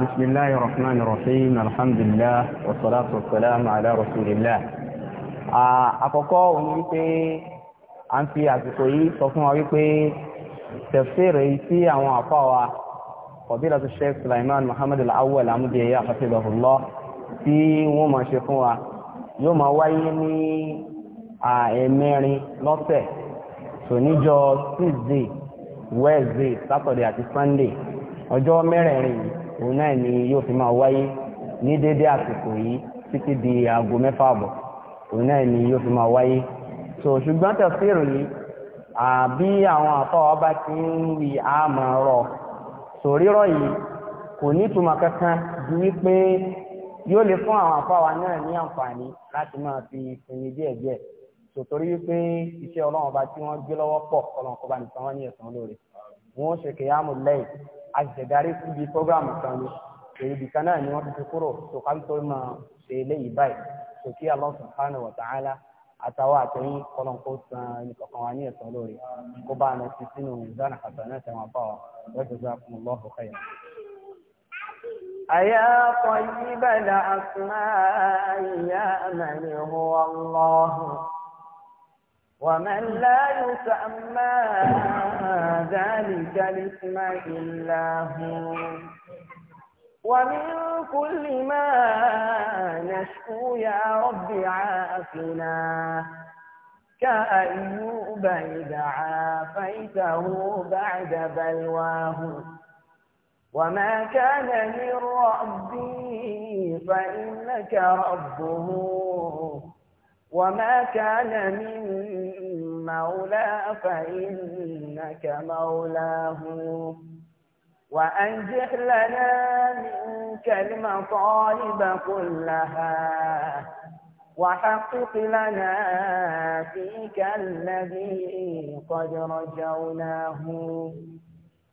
بسم الله الرحمن الرحيم الحمد لله والصلاة والسلام على رسول الله àkọ́kọ́ òun wípé a ń fi àsìkò yìí sọ fún wa wípé tafsir tí àwọn àfá wa fadilatu sheikh Sulaiman Muhammad al-Awwal amúdíyẹ hafidhahullah tí wọ́n máa ṣe fún wa yóò máa wáyé ní ah, ẹ̀mẹ́rin lọ́sẹ̀ tòníjọ́ tuesday wednesday saturday àti sunday ọjọ́ mẹ́rẹ̀ẹ̀rin òun náà ni yóò fi máa wáyé ní dédé àsìkò yìí títí di aago mẹ́fà àbọ̀ òun náà ni yóò fi máa wáyé so ṣùgbọ́n tẹ̀síìrì yìí àbí àwọn àtọ́ ọba ti ń wí àmọ́ rọ sòrírọ̀ yìí kò ní ìtumọ̀ kankan ju wípé yóò lè fún àwọn àfáwa náà ní àǹfààní láti máa fi sinmi díẹ̀díẹ̀ sòtòrí pé iṣẹ́ ọlọ́run ọba tí wọ́n gbé lọ́wọ́ pọ̀ ọlọ́run kọba nìkan wọ́n ní ẹ̀sán lóore wọ́n ṣe kìyàmù lẹ́yìn a sì ṣẹ̀darí síbi prógráàmù kan ni èrìbì kan náà ni wọ́n fi kúrò tó ká tó máa ṣe eléyìí báyìí tó kí Allah subhanahu àtàwọn àtẹ̀yìn ọlọ́run kó san nìkọ̀kan wa ní ẹ̀sán lóore kó bá lọ sí sínú ìdáná àtàwọn àtẹ̀wọ̀n fáwọn wọ́n ti أيا طيب الأسماء يا من هو الله ومن لا يسمى ذلك الاسم إلا هو ومن كل ما نشكو يا رب عافنا كأيوب إذا عافيته بعد بلواه وما كان من ربي فإنك ربه وما كان من مولى فإنك مولاه وأنجح لنا منك المطالب كلها وحقق لنا فيك الذي قد رجوناه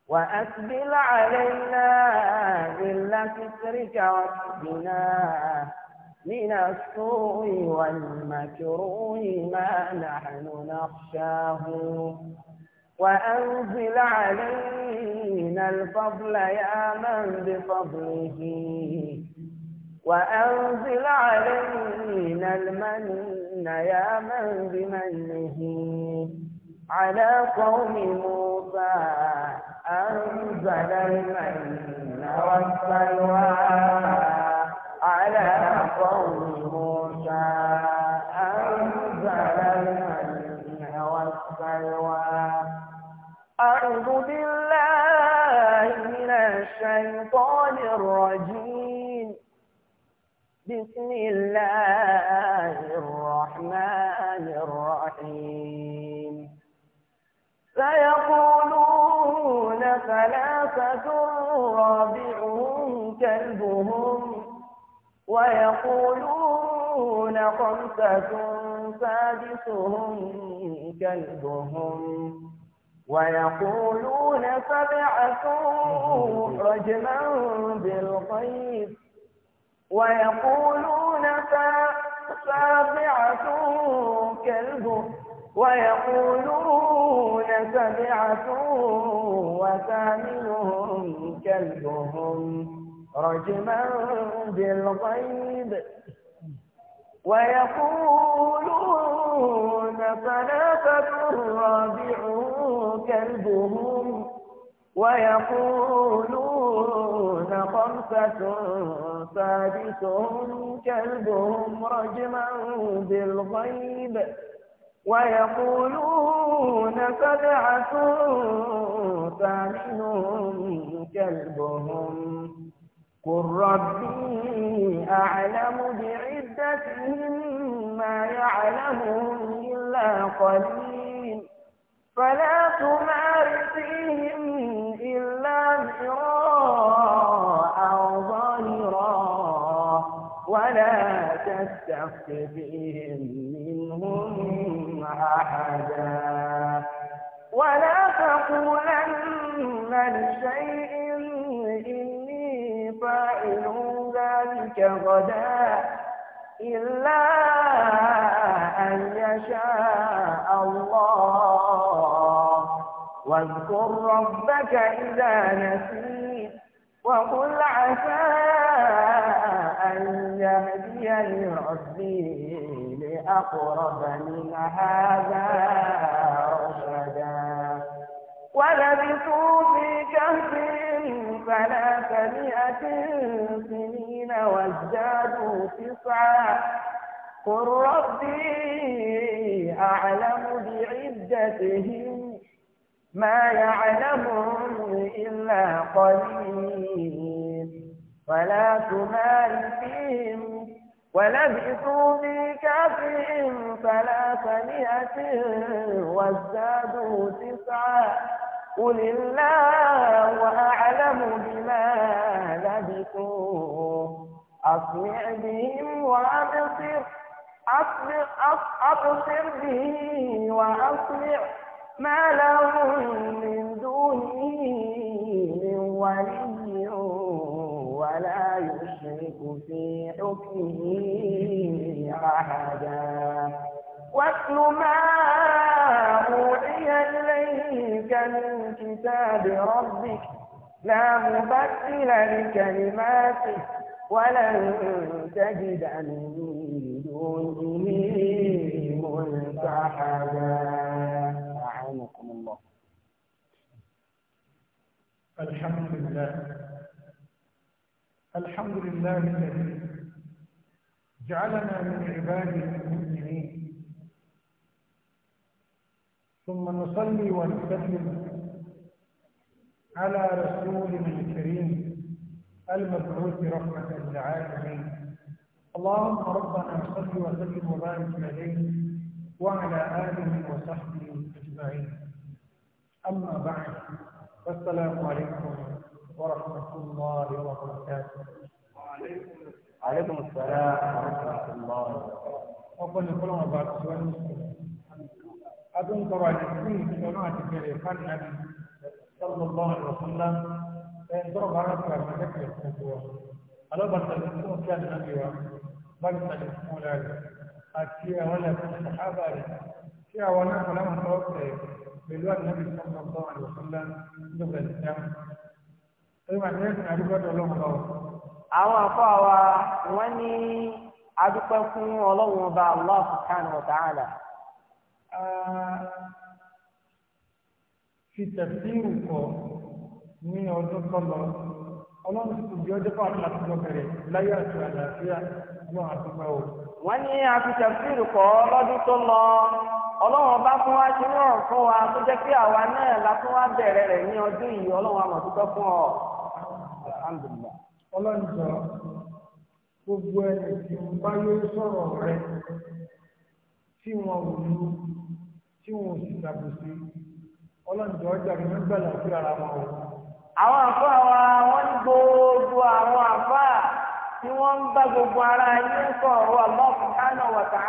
وأسبل علينا ذلة سترك واكفنا من السوء والمكروه ما نحن نخشاه وأنزل علينا الفضل يا من بفضله وأنزل علينا المن يا من بمنه على قوم موسى أنزل المن والسلوى على قوم موسى أنزل المن والسلوى أعوذ بالله من الشيطان الرجيم بسم الله الرحمن الرحيم سيقولون ثلاثة رابعهم كلبهم ويقولون خمسة سادسهم كلبهم ويقولون سبعة رجما بالغيب ويقولون سابعة كلب ويقولون سبعة وثامنهم كلبهم رجما بالغيب ويقولون ثلاثة رابع كلبهم ويقولون خمسة سادسهم كلبهم رجما بالغيب ويقولون سبعة ثامنهم كلبهم قل ربي أعلم بعدتهم ما يعلمهم إلا قليل فلا تمار فيهم إلا مراء ظاهرا ولا تستفت بهم منهم أحدا ولا تقولن لشيء ذلك غدا إلا أن يشاء الله واذكر ربك إذا نسيت وقل عسى أن يهدي ربي لأقرب من هذا رشدا ولبثوا في كهف ثلاثمائة وازدادوا تسعا قل ربي أعلم بعدتهم ما يعلمهم إلا قليل ولا تمال فيهم ولبثوا في كافهم ثلاث مئة وازدادوا تسعا قل الله أعلم بما لبثوا أسمع بهم وأبصر أبصر, أبصر به وأسمع ما لهم من دونه من ولي ولا يشرك في حكمه أحدا واتل ما أوحي إليك من كتاب ربك لا مبدل لكلماته ولن تجد من دونه ملتحدا أعانكم الله الحمد لله الحمد لله الذي جعلنا من عباده المؤمنين ثم نصلي ونسلم على رسولنا الكريم المبعوث رحمة للعالمين اللهم ربنا صل وسلم وبارك عليه وعلى آله وصحبه أجمعين أما بعد فالسلام عليكم ورحمة الله وبركاته وعليكم السلام ورحمة الله وبركاته وقل لكم بعد سؤال مسلم أدون تراجعين في جماعة الجريفان النبي صلى الله عليه وسلم فإن ضرب رأسها فذكر الخطوة ألا برسلتكم كان النبي برسلتكم لك أتيا ولا في الصحابة أتيا ولا فلما توقف بلوى النبي صلى الله عليه وسلم دبل الإسلام ẹ̀rọ àti ẹ̀sìn àdúgbòdò ọlọ́run lọ́wọ́. àwọn afọ àwa wọn ní adúpẹ́ fún ọlọ́run ọba Allah subhanahu wa ta'ala a fi tẹ̀síìrù kọ́ ní ọdún kọlọ ọlọ́run sì jẹ́ ọjọ́ fún àti lọ́bẹ̀rẹ̀ láyé àti o. wọ́n ní a kọ́ lọ́dún tó lọ ọlọ́run fún wa ṣe fún wa tó jẹ́ pé àwa náà la fún wa bẹ̀rẹ̀ rẹ̀ jọ gbogbo ẹni tí mo bá yóò sọ̀rọ̀ tí wọn ò lu tí wọn ò sì ṣàkóso ọlọ́njọ́ ọjà mi nígbà láti ara wọn Awọn àwọn àfa wa wọ́n ní gbogbo àwọn tí wọ́n ń bá gbogbo ara yín kọ̀ wà lọ́ọ̀kú kánà wàtà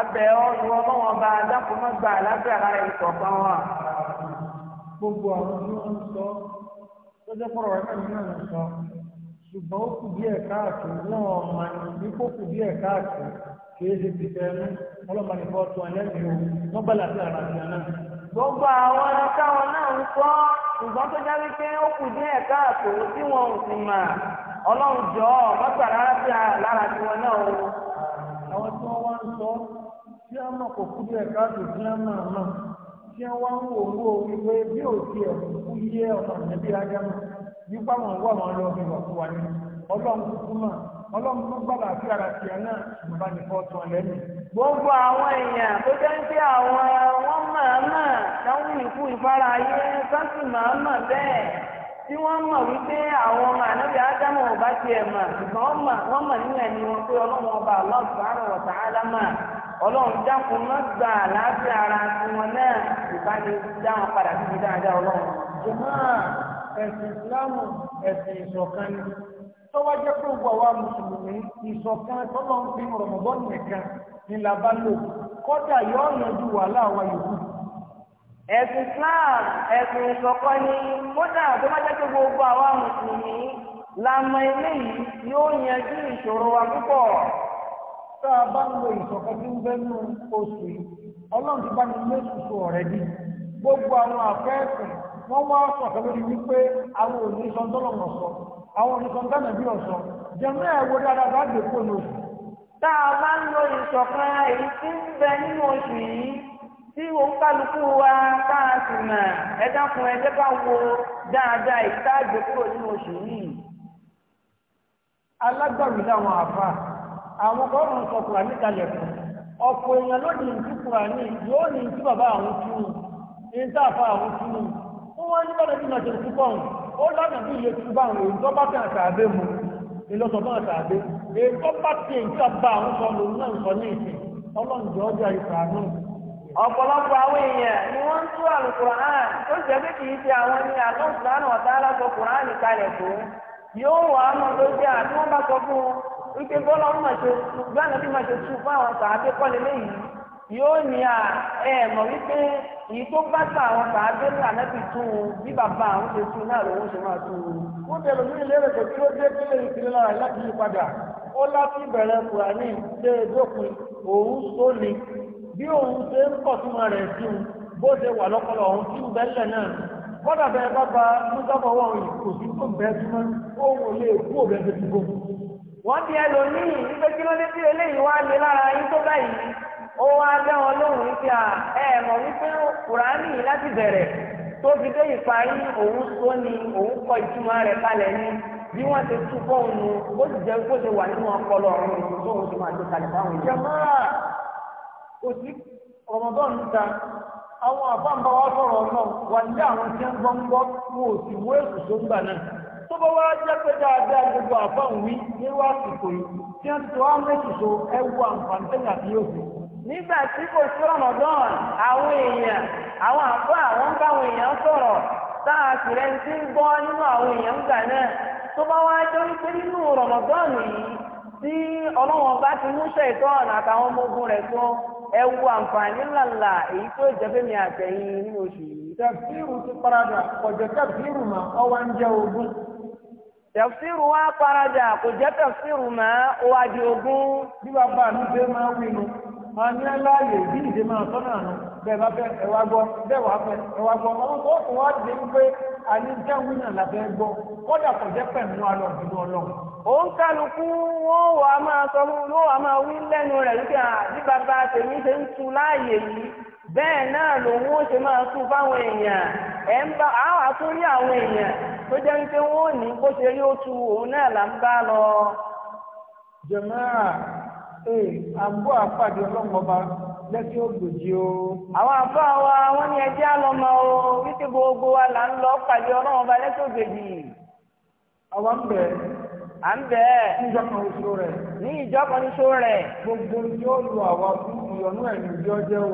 abẹ́ ọ̀nù ọlọ́wọ́n bá adákùnmọ́gbà lábẹ́ra ìkọ̀ọ̀kan gbogbo àwọn tí wọ́n ń sọ lọ́jọ́ pọ̀rọ̀ ń sọ ṣùgbọ́n ó kù díẹ̀ káàkiri náà kìí ti bẹ̀rẹ̀ ọlọ́pàá ní fọ́ọ̀tù ẹlẹ́mìí o wọ́n bá ara àti àná. gbogbo àwọn táwọn náà ń kọ́ ṣùgbọ́n tó jáde pé ó kù díẹ̀ káàtó tí wọn ò sì mà ọlọ́run jọ tí náà àwọn tí wọ́n wá ń sọ tí wọ́n mọ̀ kò kú tí ọlọ́run tó a sí ara tìyà náà ṣùgbọ́n bá ní gbogbo àwọn èèyàn tó jẹ́ ń pé àwọn wọ́n màmá láwọn ìkú ìfara ayé sáǹtì màmá bẹ́ẹ̀ tí wọ́n mọ̀ wípé àwọn ọmọ ànábì ádámù ọba tiẹ̀ mọ̀ ṣùgbọ́n wọ́n mọ̀ nínú ẹni wọn pé ọlọ́run ọba Allah mà ọlọ́run gbà tọ́wọ́ jẹ́ pé gbogbo àwa mùsùlùmí ìṣọ̀kan tọ́lọ́ ń fi rọ̀mọ̀bọ́n ni là bá lò kọ́dà yóò yanjú wàhálà wa yòókù. ẹ̀sìn Islam ẹ̀sìn ìṣọ̀kan ni kódà tó gbogbo àwa mùsùlùmí yóò tí ń oṣù yìí ọlọ́run ti bá àwọn nìkan dáná bí ọ̀sán jẹ̀mọ́ ẹ̀wọ́ dáadáa bá gbé kó lóṣù. tá a máa ń lo ìṣọ̀kan èyí tí ń bẹ nínú oṣù yìí tí òun kálukú wa tá a sì mà ẹ dákun ẹ jẹ́ ká wo dáadáa ìtaàgbé kúrò nínú oṣù yìí. alágbàwí làwọn àfa àwọn kọ́ọ̀rùn sọ kùránì kalẹ̀ fún ọ̀pọ̀ èèyàn lónìí ní yóò ní tí bàbá àwọn túnú ní àwọn túnú wọ́n wá ní bàbá ó lọ́nà tí ilé tí bá àwọn èyí tó bá tẹ̀ àtàdé mu ìlọ́sọ̀ náà tàdé èyí tó bá tẹ̀ ń sábà àwọn sọ lòun náà sọ ní ìsìn ọlọ́njọ́ ọjà ìsàánú. ọ̀pọ̀lọpọ̀ àwọn èèyàn ni wọ́n ń tú àlùkùránì tó jẹ́ pé kì í ṣe àwọn ní àlọ́sùlánù ọ̀tá aláṣọ kalẹ̀ yóò wà á àti wọ́n yóò ní à ẹ mọ̀ wípé èyí tó bá gbà àwọn bàbá ńlá nẹ́bí tún un bí bàbá àwọn ṣe tún un náà lòun ṣe máa tún un. wọ́n tẹ̀lé mi lérò pé kí ló dé kí lè kiri lára láti yí padà ó láti bẹ̀rẹ̀ kùránì dé dópin òun só ni bí òun ṣe ń pọ̀ túmọ̀ rẹ̀ sí un bó ṣe wà lọ́pọ̀lọ́ òun tí ń bẹ́lẹ̀ náà kọ́dà bẹ́ẹ̀ bá ba mùsàfọ́ wọn kò sí tó bẹ́ẹ̀ e túmọ̀ ó wá dá wọn lóhùn wípé a ẹ mọ̀ wípé kùránì láti bẹ̀rẹ̀ tó fi dé ìparí òun sọ ni òun kọ ìtumọ̀ rẹ̀ kalẹ̀ ni bí wọ́n ti tú fóun nu ó sì jẹ́ kó ṣe wà nínú tó máa tó kalẹ̀ wa sọ̀rọ̀ wà ní àwọn tí ń gbọ́n gbọ́ tó ń gbà náà tó bá wá jẹ́ pé dáadáa gbogbo àbáwí ní wá àsìkò yìí tí wọ́n ti wá nígbà tí kò sí rọmọdán àwọn èèyàn àwọn àwọn èèyàn sọrọ táà sì rẹ ti ń nínú àwọn èèyàn gbà náà tó bá wá jọ wípé nínú yìí tí ọlọ́wọ́n bá ti mú ṣètọ́ọ̀nù àtàwọn ọmọ rẹ̀ tó ẹ wo àǹfààní ńláńlá èyí tó mi àtẹ̀yìn nínú oṣù yìí. tẹ̀síìrù ti paradà kọjọ tẹ̀síìrù mà wá ń ogún. tẹ̀síìrù wá paradà kò jẹ́ tẹ̀síìrù mà ó wá di ogún. bí máa ní láàyè bí ìdí máa sọ́nà àná bẹ́ẹ̀ bá fẹ́ ẹwà gbọ́ bẹ́ẹ̀ wà fẹ́ ẹwà gbọ́ ọmọ tó kù wá dé wípé gbọ́ kọ́dà kò jẹ́ pẹ̀lú alọ́ ìdúró òun kálukú wọn wà á máa sọ fún wà á máa bẹ́ẹ̀ náà lòun ó ṣe máa tu fáwọn èèyàn ẹ̀ ń bá àwọn èèyàn ní bó ṣe rí òun náà là ee eh, àgbo àpàdé ọlọ́run ọba lẹ́sìn ògbòjì o. àwọn àbá wa wọ́n ní ẹjẹ́ àlọ́mọ o wípé gbogbo wa là ń lọ pàdé ọlọ́run ọba lẹ́sìn ògbòjì. àwa ń bẹ̀. à ń bẹ̀. ní ìjọkan oṣù rẹ̀. ní ìjọkan oṣù rẹ̀. gbogbo tí ó àwa fún ìyọnú ẹ̀yìn ìjọ jẹ́ o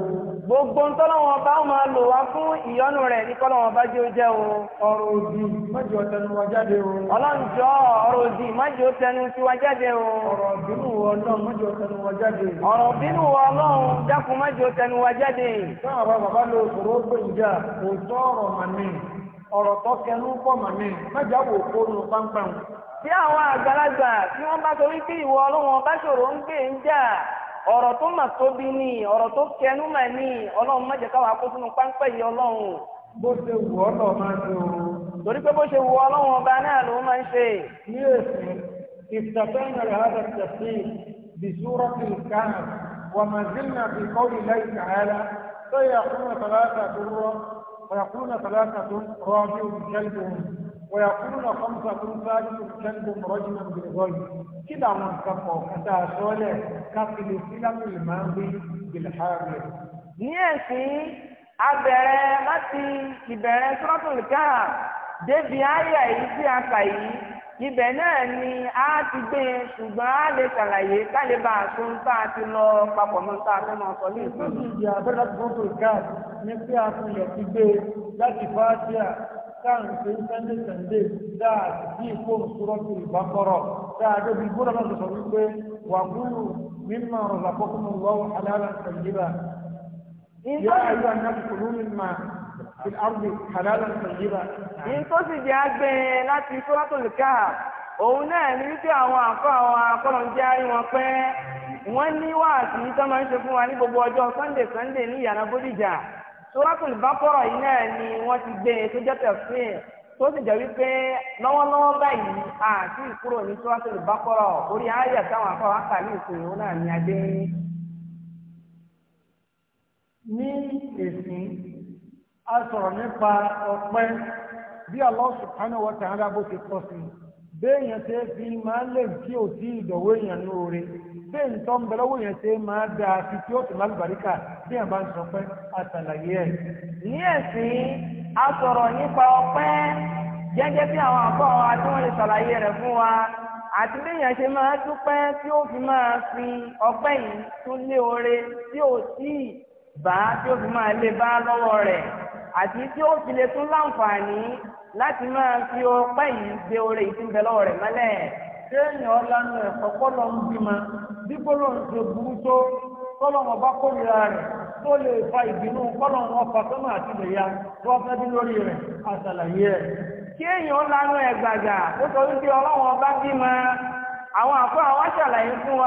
gbogbo ń tọ́lọ́wọ́n bá máa lò wá fún ìyọ́nú rẹ̀ ní kọ́lọ́wọ́n bá jẹ́ ó jẹ́ o. ọ̀rọ̀ òdì májì ó tẹnu wa jáde o. ọlọ́njọ́ ọ̀rọ̀ òdì májì ó tẹnu sí wa jáde o. ọ̀rọ̀ bínú wọ ọlọ́run májì ó tẹnu wa jáde. ọ̀rọ̀ bínú wọ ọlọ́run dákun májì ó tẹnu wa jáde. sáà bá bàbá lo òṣòro gbèǹjà òótọ́ ọ̀rọ̀ màmí ọ̀rọ̀ tó kẹnu pọ̀ màmí májà wò kónú páńpáń. tí àwọn àgbàlagbà tí wọ́n bá sọ wípé ìwọ ọlọ́run ọba ṣòro ń gbé ń jà ọ̀rọ̀ tó mà tóbi ni ọ̀rọ̀ tó kẹnu mà ni ọlọ́run má jẹ́ káwa kó sínú páńpẹ́ yìí ọlọ́run. bó ṣe wù ọ́ lọ máa ṣe o. torí pé bó ṣe wù ọlọ́run ọba náà ló máa ń ṣe. ní èsì ìfìtàfẹ́yìn rẹ̀ hádà tẹ̀sí bìṣúrọ́ fi kàn wà má zilna fi kọ́lì láì kàhálà sọ́yà kúnà tàlátà tó rọ́ ويقولون خمسة ثالث كلب رجما بالغيب كلا من كفر كتا سولة كفل الماضي بالحاضر نيسي abẹ̀rẹ̀ láti ìbẹ̀rẹ̀ sọ́tún káà débi àyà yìí tí a kà yìí ibẹ̀ náà ni a ti gbé e a lè ṣàlàyé káyé bá a tún tá a ti lọ papọ̀ mọ́ tá a máa sọ ní ìsọ́jú ìdí abẹ́rẹ́ sọ́tún káà ní pé a fi lè ti gbé láti fáájà káàkiri sunday sunday dáa bí ìfowó sọ́rọ́tù ìbákọ́rọ̀ dáa débi gbọ́dọ̀ máa sọ̀rọ̀ wípé wà búrú mímọ ọ̀rọ̀ fọ́kún lọ́wọ́ alára sàyíra yá ayé ànáfi kò lómi mà fi àrùbí alára sàyíra. yìí tó sì jẹ́ àgbẹ̀ láti sọ́rọ́tù nìkà òun náà ní wípé àwọn àkọ́ àwọn akọ́lọ̀ ń jẹ́ wọn pẹ́ wọ́n ní wáàsí tó máa ń ṣe fún wa ní gbogbo ọjọ́ sunday sunday ní ìyànà bódìjà suratul baqara yìí náà ni wọ́n ti gbé e tó jẹ́ tẹ̀síìn tó sì jẹ́ wípé lọ́wọ́lọ́wọ́ báyìí àti ìkúrò ní suratul orí ayé táwọn afọ àkàlù ìṣòro náà ni adé ní. ní èsìn a sọ̀rọ̀ nípa ọpẹ́ bí Allah subhanahu bó ti pọ̀ sí béèyàn ṣe fi máa lè tí ò tí ìdọ̀wọ́ èèyàn ní oore béèyàn tó ń bẹ lọ́wọ́ èèyàn ṣe máa da àti tí ó sì máa lùbáríkà bí àbá ń sọ pé àtàlàyé ẹ̀. ní ẹ̀sìn a sọ̀rọ̀ nípa ọpẹ́ bí àwọn àbọ̀ wa wọ́n lè rẹ̀ fún wa àti béèyàn ṣe máa dúpẹ́ tí ó fi máa fi ọpẹ́ yìí tún lé oore tí ò tí bá tí ó fi máa bá lọ́wọ́ rẹ̀ àti tí ó láti máa fi ọpẹ́ yìí gbé orí ìtúbẹ̀lọ́ rẹ̀ mọ́lẹ̀ kéèyàn ọlọ́nu ẹ̀kọ́ kọ́lọ́ ń bímọ bí kọ́lọ́ ń ṣe burú tó kọ́lọ́ wọn kórìíra rẹ̀ tó lè fa ìbínú kọ́lọ́ wọn fa àti rẹ̀ àṣàlàyé ẹ̀. ọlọ́nu ẹ̀gbàgà ó sọ wípé ọlọ́wọ́n bímọ àwọn àwọn àṣàlàyé fún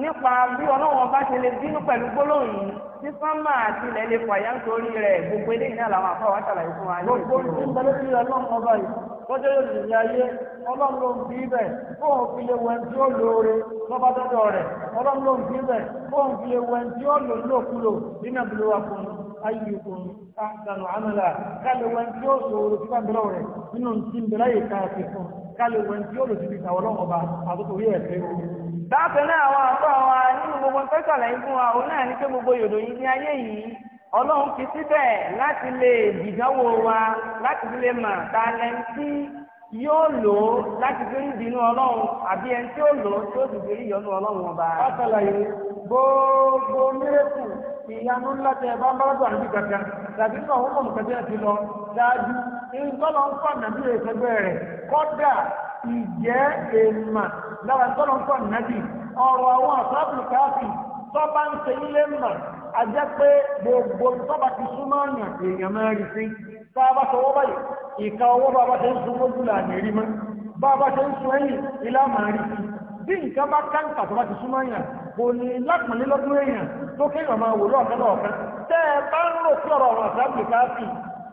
nípa bí ọlọ́wọ́n bá ṣe lè bínú pẹ̀lú gbólóhùn yìí tí sánmà àti ilẹ̀ lè fàyà nítorí rẹ̀ gbogbo eléyìí náà làwọn afọ àwọn ṣàlàyé fún wa. gbogbo ní ìgbàlẹ́ sí ọlọ́run ọba yìí tọ́jú yóò lè yá ayé ọlọ́run ló ń bí bẹ̀ fóun fi lè wẹ̀ tí ó lóore lọ́ba dọ́dọ̀ rẹ̀ ọlọ́run ló ń bí bẹ̀ fóun fi lè wẹ̀ tí ó lò lókulò nínú ìbílẹ̀ wa fún un ayyukun ahsanu amala kale wọn tí ó sòrò tí bá bẹ̀rẹ̀ rẹ̀ nínú tí ń bákan náà àwọn àpá wa nínú gbogbo ń tọ́sàlẹ̀ yìí fún wa òun náà gbogbo yòdò yìí ní ayé yìí ọlọ́run fi síbẹ̀ láti lè wa láti lè mà ta lẹ́ni tí yóò lò ó láti fi ń bínú ọlọ́run àbí ẹni tí ó lò ó tí ó sì fi rí ìyọnu ọlọ́run ọba. gbogbo mírèkù ìyanu ńlá tẹ ẹ bá ń tàbí ti lọ dájú ìjẹ́ èèmà lára tọ́lọ́tọ́ nàbì ọ̀rọ̀ àwọn àtàbùkáàfì tọ́ba ń ṣe ilé mà á jẹ́ pé gbogbo tọ́ba ti súnmọ́ ọ̀nà èèyàn máa rí sí tá a bá sọwọ́ báyìí ìka ọwọ́ bá bá ṣe ń sun lójú là ní rí mọ́ bá bá ń sun ẹ̀yìn ilá máa rí sí bí nǹkan bá káńtà tó ti súnmọ́ èèyàn kò ní lápàlẹ́ èèyàn tó kéèyàn máa wò lọ́ọ̀kan lọ́ọ̀kan tẹ́ ẹ bá ń rò kí ọ̀rọ̀ àwọn àtàbùkáàfì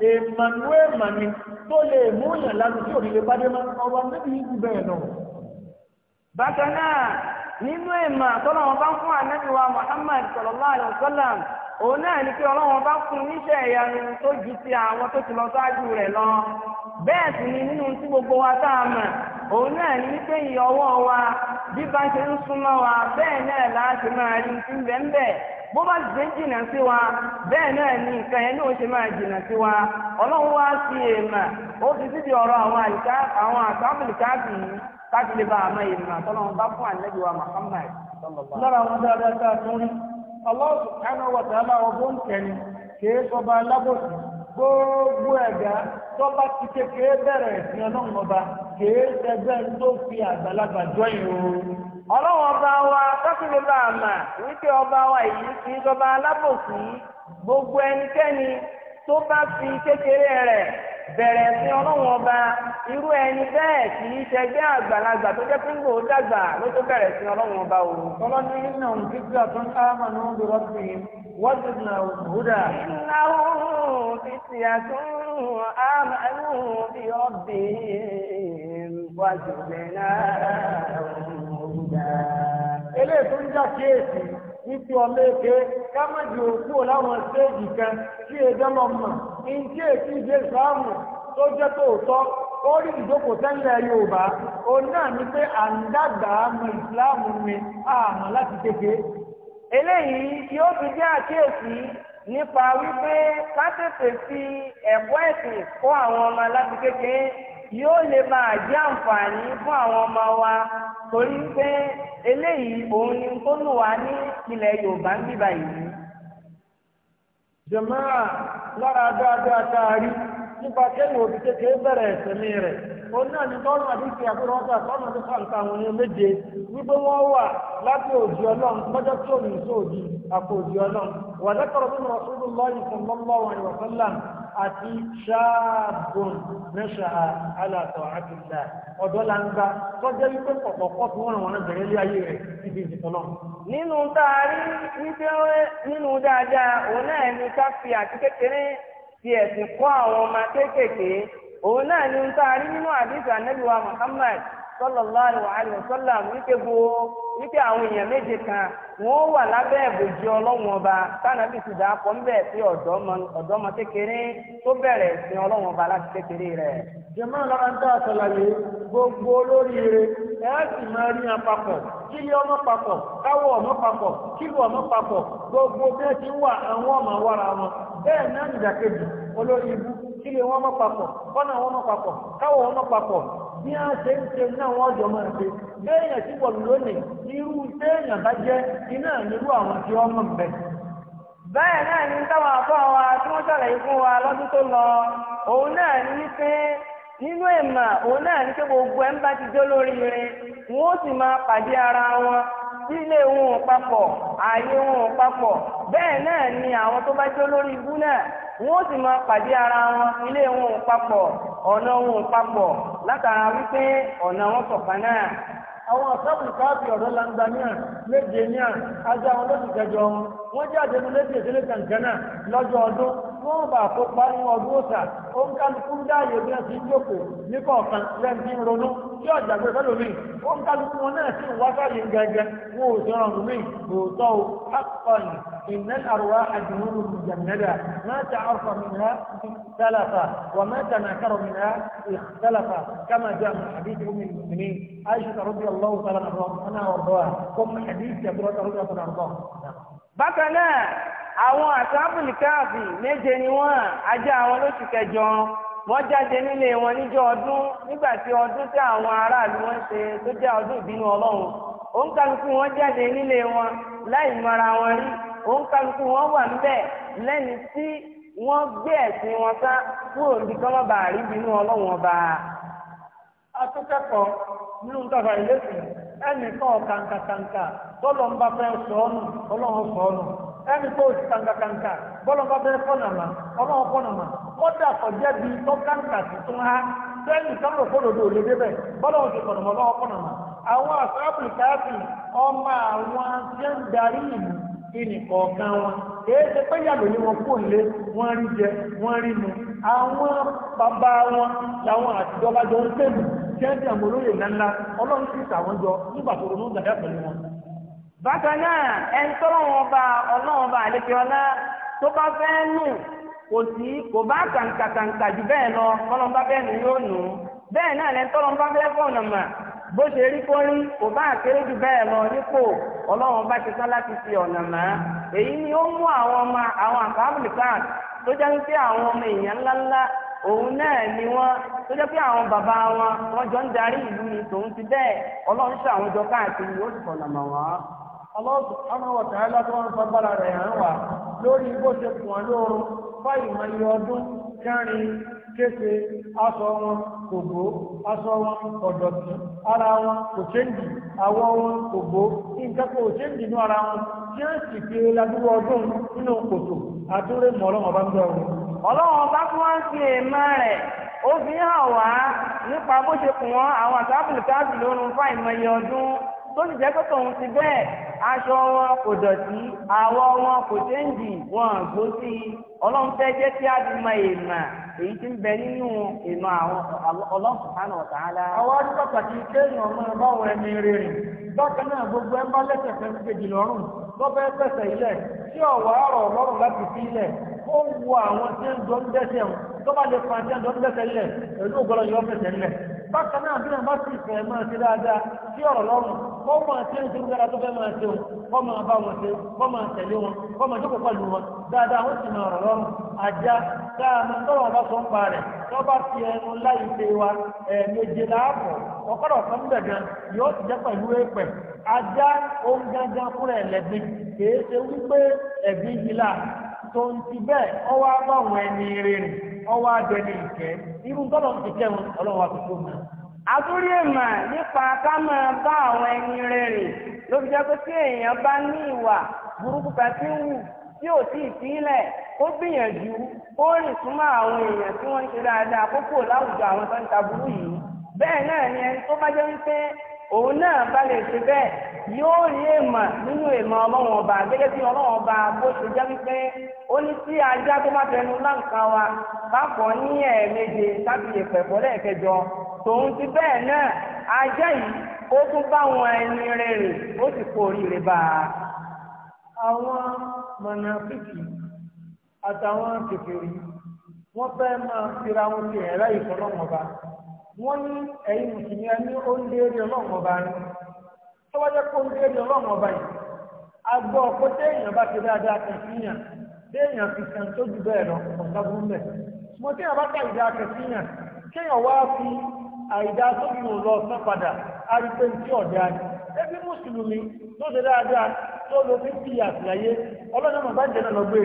èèmà tó lè mú yàn lánà tí òrìlè bá dé mọ́ ọ̀rọ̀ níbi ìlú bẹ́ẹ̀ lọ. bákan náà nínú ìmọ̀ bá fún ànábìwá Muhammad òun náà fún níṣẹ́ ìyanu tó àwọn rẹ̀ lọ bẹ́ẹ̀ sì ni nínú tí gbogbo wa tá a mọ̀ òun náà ní pé ìyọwọ́ bá bó bá ṣe jìnnà sí wa bẹ́ẹ̀ náà ni nǹkan yẹn ní òun ṣe máa jìnnà sí wa ọlọ́run wá sí èèmà ó fi síbi ọ̀rọ̀ àwọn àwọn yìí lè ba àmọ́ èèmà tọ́lọ́run bá fún àlejò wa Muhammad. lára àwọn dáadáa tá a tún rí Allah subhanahu wa ta'ala kì í gbogbo ẹ̀dá tọ́ba ti kékeré bẹ̀rẹ̀ ìsìn ọlọ́run ọba kèé sẹgbẹ́ tó fi àgbàlagbà jọyìn o. ọlọ́run ọba wa tọ́kùnrin bá a mà wípé ọba wa yìí kì í sọba alábòsí gbogbo ẹnikẹ́ni tó bá fi kékeré rẹ̀ bẹ̀rẹ̀ ìsìn ọlọ́run ọba irú ẹni bẹ́ẹ̀ kì í àgbàlagbà tó jẹ́ pé ń gbòó فتية آمنوا بربهم وزدناهم هدى إليه تنجا كيسي nítorí ọlẹ́ẹ̀kẹ́ kámẹ́jì òkú láwọn stéèjì kan kí ẹjọ́ lọ mọ̀ ní èsì ìdè ìsìláàmù tó jẹ́ tòótọ́ ó rí ìdókòó tẹ́lẹ̀ yorùbá òun náà ni pé à ń dàgbà mọ ìsìláàmù mi àmọ́ láti kéke eléyìí yóò fi jẹ́ àkíyèsí nípa wípé ká tètè fi ẹ̀kọ́ ẹ̀sìn kọ́ àwọn ọmọ láti kékeré yóò lè máa jẹ́ àǹfààní fún àwọn ọmọ wa torí pé eléyìí òun ni tó lù wá ní ilẹ̀ Yorùbá ń bíbá yìí. jọ̀mọ́ra lára dáadáa tá a rí nípa kẹ́yìn òbí kékeré bẹ̀rẹ̀ ẹ̀sẹ̀mí rẹ̀ òun náà ní tọ́nà àdìsí àbúrò ọ̀sà tọ́nà tó fà nǹkan àwọn èèyàn méje wípé wọ́n wà láti òjì ọlọ́run lọ́jọ́ tí òní sí òjì àpò òjì ọlọ́run wà lẹ́kọ̀ọ́ bí Rasulullahi sallallahu alaihi wasallam àti ṣáàbùn mẹ́ṣà alàtọ̀ àtìlá ọ̀dọ́ la ń gba tọ́jẹ́ wípé pọ̀pọ̀pọ̀ tí wọ́n rìn wọn bẹ̀rẹ̀ lé ayé rẹ̀ síbi ìdìtọ́lọ́. nínú tá a rí wípé nínú dáadáa òun náà ẹni ká fi àti kékeré fi ẹ̀sìn kọ́ àwọn ọmọ kéékèèké òun náà ni ń tá rí nínú àdìsí ànábìwá Muhammad sallallahu alaihi wasallam wípé bo wípé àwọn èèyàn méje kan wọ́n wà lábẹ́ ìbòjì ọlọ́wọ́n ọba tánàbí sì dá pọ̀ ńbẹ̀ sí ọ̀dọ́mọ kékeré tó bẹ̀rẹ̀ sí ọlọ́wọ́n ọba láti kékeré rẹ̀. jẹ́mọ́ ń àṣàlàyé gbogbo sì máa rí papọ̀ papọ̀ káwọ́ papọ̀ kílù papọ̀ gbogbo ti wà àwọn ọmọ bẹ́ẹ̀ náà nìdàkejì olórí ibú kí lè wọ́n mọ́ papọ̀ kọ́nà wọ́n mọ́ káwọ̀ wọ́n bí a ṣe ń ṣe náà wọ́n jọ máa ṣe tí lónìí irú téèyàn bá jẹ́ iná nírú àwọn tí wọ́n mọ̀ bẹ́ẹ̀. bẹ́ẹ̀ náà ni táwọn àbọ̀ wa tí wọ́n fún wa lọ́dún tó lọ òun náà ní wípé nínú ìmọ̀ òun náà ní pé gbogbo ilé wọn ò papọ̀ ààyè wọn ò papọ̀ bẹ́ẹ̀ náà ni àwọn tó bá jẹ́ olórí ibú náà wọ́n sì máa pàdé ara wọn ilé wọn ò papọ̀ ọ̀nà wọn ò papọ̀ látara wípé ọ̀nà wọn ṣọ̀kan náà. àwọn ọ̀sẹ́kù káàbì ọ̀rọ̀ langba ní à méje ní à ajá wọn lóṣù kẹjọ wọn jáde ní lẹ́sìn ìdílé wọ́n bà kó parí ọdún ọ̀sà ó ń kálukú dáàyè bí wọ́n ti ń jókòó ní kọ̀ọ̀kan lẹ́ǹtí ronú tí ọ̀jàgbé fẹ́lò mí ó ń kálukú wọn náà sì wá sáyé gẹ́gẹ́ wọn ò sọ ọ̀rùn mí òótọ́ o akọni iná àrùwá ìjàmẹ́dà mẹ́ta ọ̀fọ̀ mìíràn tálàfà wà mẹ́ta nà kárọ̀ mìíràn tálàfà kama jẹ́ àdìsí omi mìíní aisha rọ́bì allahu ta'ala nà rọ́ bákan náà àwọn àsábùlì káàfì méje ni wọ́n ajá àwọn lóṣù kẹjọ wọn jáde nílé wọn níjọ́ ọdún nígbà tí ọdún tí àwọn aráàlú wọn ṣe tó jẹ́ ọdún ìbínú ọlọ́run òǹkàlùkù wọn jáde nílé wọn láì mara wọn rí òǹkàlùkù wọn wà níbẹ̀ lẹ́ni tí wọ́n gbé ẹ̀sìn wọn sá kúrò níbi kọ́ lọ́ba àríbínú ọlọ́run ọba. a tún kẹ́kọ̀ọ́ nínú ìlẹ́sìn ẹnì bọ́lọ̀ ń fẹ́ sọ ọ́ nù ọlọ́run sọ ọ́ nù ẹni tó ti kankankanka bọ́lọ̀ ń bá fẹ́ fọ́nà mà ọlọ́run fọ́nà mà kọ́dà kọjá bí ha sẹ́yìn sọ́nà fọ́dọ̀dọ̀ òde débẹ̀ bọ́lọ̀ ti fọ́nà mà ọlọ́run fọ́nà mà àwọn àsáàbù ọmọ àwọn ń darí ìlú kọ̀ọ̀kan wọn ṣe pé yàgò n'i wọn lé wọn rí jẹ wọn rí mu àwọn bàbá wọn làwọn jọ ń tẹ̀lé jọ nígbà tó ronú bákan náà ẹni tọ́lọ́ wọn ọba ọlọ́run bá àlejò ọlá tó bá fẹ́ nù kò sí kò bá kàǹkà lọ tọ́lọ́n bẹ́ẹ̀ nù yóò nù bẹ́ẹ̀ náà lẹ́ni tọ́lọ́n bá fẹ́ bó ṣe rí kórí kò bá lọ nípò ọlọ́run láti fi èyí ni ó mú àwọn ọmọ àwọn àkàbùlùkà tó jẹ́ pé àwọn ọmọ èèyàn ńláńlá òun náà ni tó jẹ́ pé àwọn bàbá wọn jọ ń darí ìlú ni tòun ti bẹ́ẹ̀ ọlọ́run jọ ọlọ́sùn amáwọ̀tà alábọ́n fagbára rẹ̀ hàn wá lórí bó ṣe kùn wọn báyìí wọn yọ ọdún kẹrin kése aṣọ wọn wọn ara wọn kò ṣéǹdì àwọ̀ wọn kò ara wọn rẹ̀ ó fi hàn wá nípa bó ṣe àwọn tó sì jẹ́ pé tòun ti bẹ́ẹ̀ aṣọ wọn kò dọ̀tí àwọ̀ wọn kò ṣéǹjì wọn gbó sí i ọlọ́run fẹ́ jẹ́ kí á ti mọ èèmà èyí tí ń bẹ nínú ìmọ̀ àwọn ọlọ́run sùhánù ọ̀tá ńlá. àwọn adúgbò pàtàkì kéèyàn ọmọ ẹ báwọn ẹni rere bákan náà gbogbo ẹ bá lẹ́sẹ̀ fẹ́ kejì lọ́rùn tó fẹ́ pẹ̀sẹ̀ ilẹ̀ tí ọ̀wà ọ̀rọ̀ ọlọ́run láti fi ilẹ̀ ó wo àwọn tí ń dọ́ ń dẹ́sẹ̀ tó bá lè fa tí ń dọ́ ń dẹ́sẹ̀ ilẹ̀ pẹ̀lú ògbọ́lọ́ yọ bákan náà bí wọn bá sì fẹ́ máa ṣe dáadáa sí ọ̀rọ̀ lọ́rùn kó máa ṣe ń ṣe dára tó fẹ́ máa ṣe wọn kó máa bá wọn ṣe kó máa tẹ̀lé wọn kó máa jókòó pẹ̀lú wọn dáadáa wọn sì máa rọ̀ lọ́rùn ajá dáàmú tọ́wọ́ bá sọ ń pa rẹ̀ tó bá fi ẹnu láì ṣe wa ẹ̀ẹ̀mejì láàbọ̀ ọ̀kọ́dọ̀ kan bẹ̀ gan yóò ti jẹ́ pẹ̀lú èèpẹ̀ ajá ó ń fúnra ẹ̀lẹ́gbin kì ṣe wípé ẹ̀gbin yìí láà tó ń ti bẹ́ẹ̀ ọwọ́ bá wọn ẹni rìn ọwọ́ adẹni ìkẹ́ irú tọ́lọ̀ ti kẹrun ọlọ́wọ́ ti tó mọ̀. àtúrí èèmọ̀ nípa ká máa bá àwọn ẹni rìn ló fi jẹ́ pé tí èèyàn bá ní ìwà burúkú kan tí ń wù tí ò tí èèyàn tí wọ́n ń ṣe dáadáa àwọn tó ń bẹ́ẹ̀ náà ni ẹni tó bá jẹ́ òun náà bá lè ṣe bẹ́ẹ̀ yóò rí èèmọ̀ nínú èèmọ̀ ọlọ́wọ́n ọba gẹ́gẹ́ bí ọlọ́wọ́n ọba bó ṣe jẹ́ wípé ó ní sí ajá tó bá fẹnu láǹkà wa bákan ní ẹ̀ẹ̀méje láti lè pẹ̀fọ́ lẹ́ẹ̀kẹjọ tòun ti bẹ́ẹ̀ náà ajá yìí ó tún báwọn ẹni rẹ̀ rè ó sì kó oríire bá a. àwọn mọ̀nàfíkì àtàwọn kèfèrí wọ́n fẹ́ máa fira wọn ti ẹ̀rá ìfọlọ́wọ́n ọba. wọ́n ní ẹ̀yin mùsùlùmí ní oúnjẹ eré ọlọ́run ọba ọlọ́run ọba yìí a gbọ́ téèyàn bá ti dáadáa téèyàn fi kàn tó bẹ́ẹ̀ lọ téèyàn bá ta ìdá tí ẹbí mùsùlùmí tó ṣe ọlọ́run ọba jẹ́ náà lọ gbé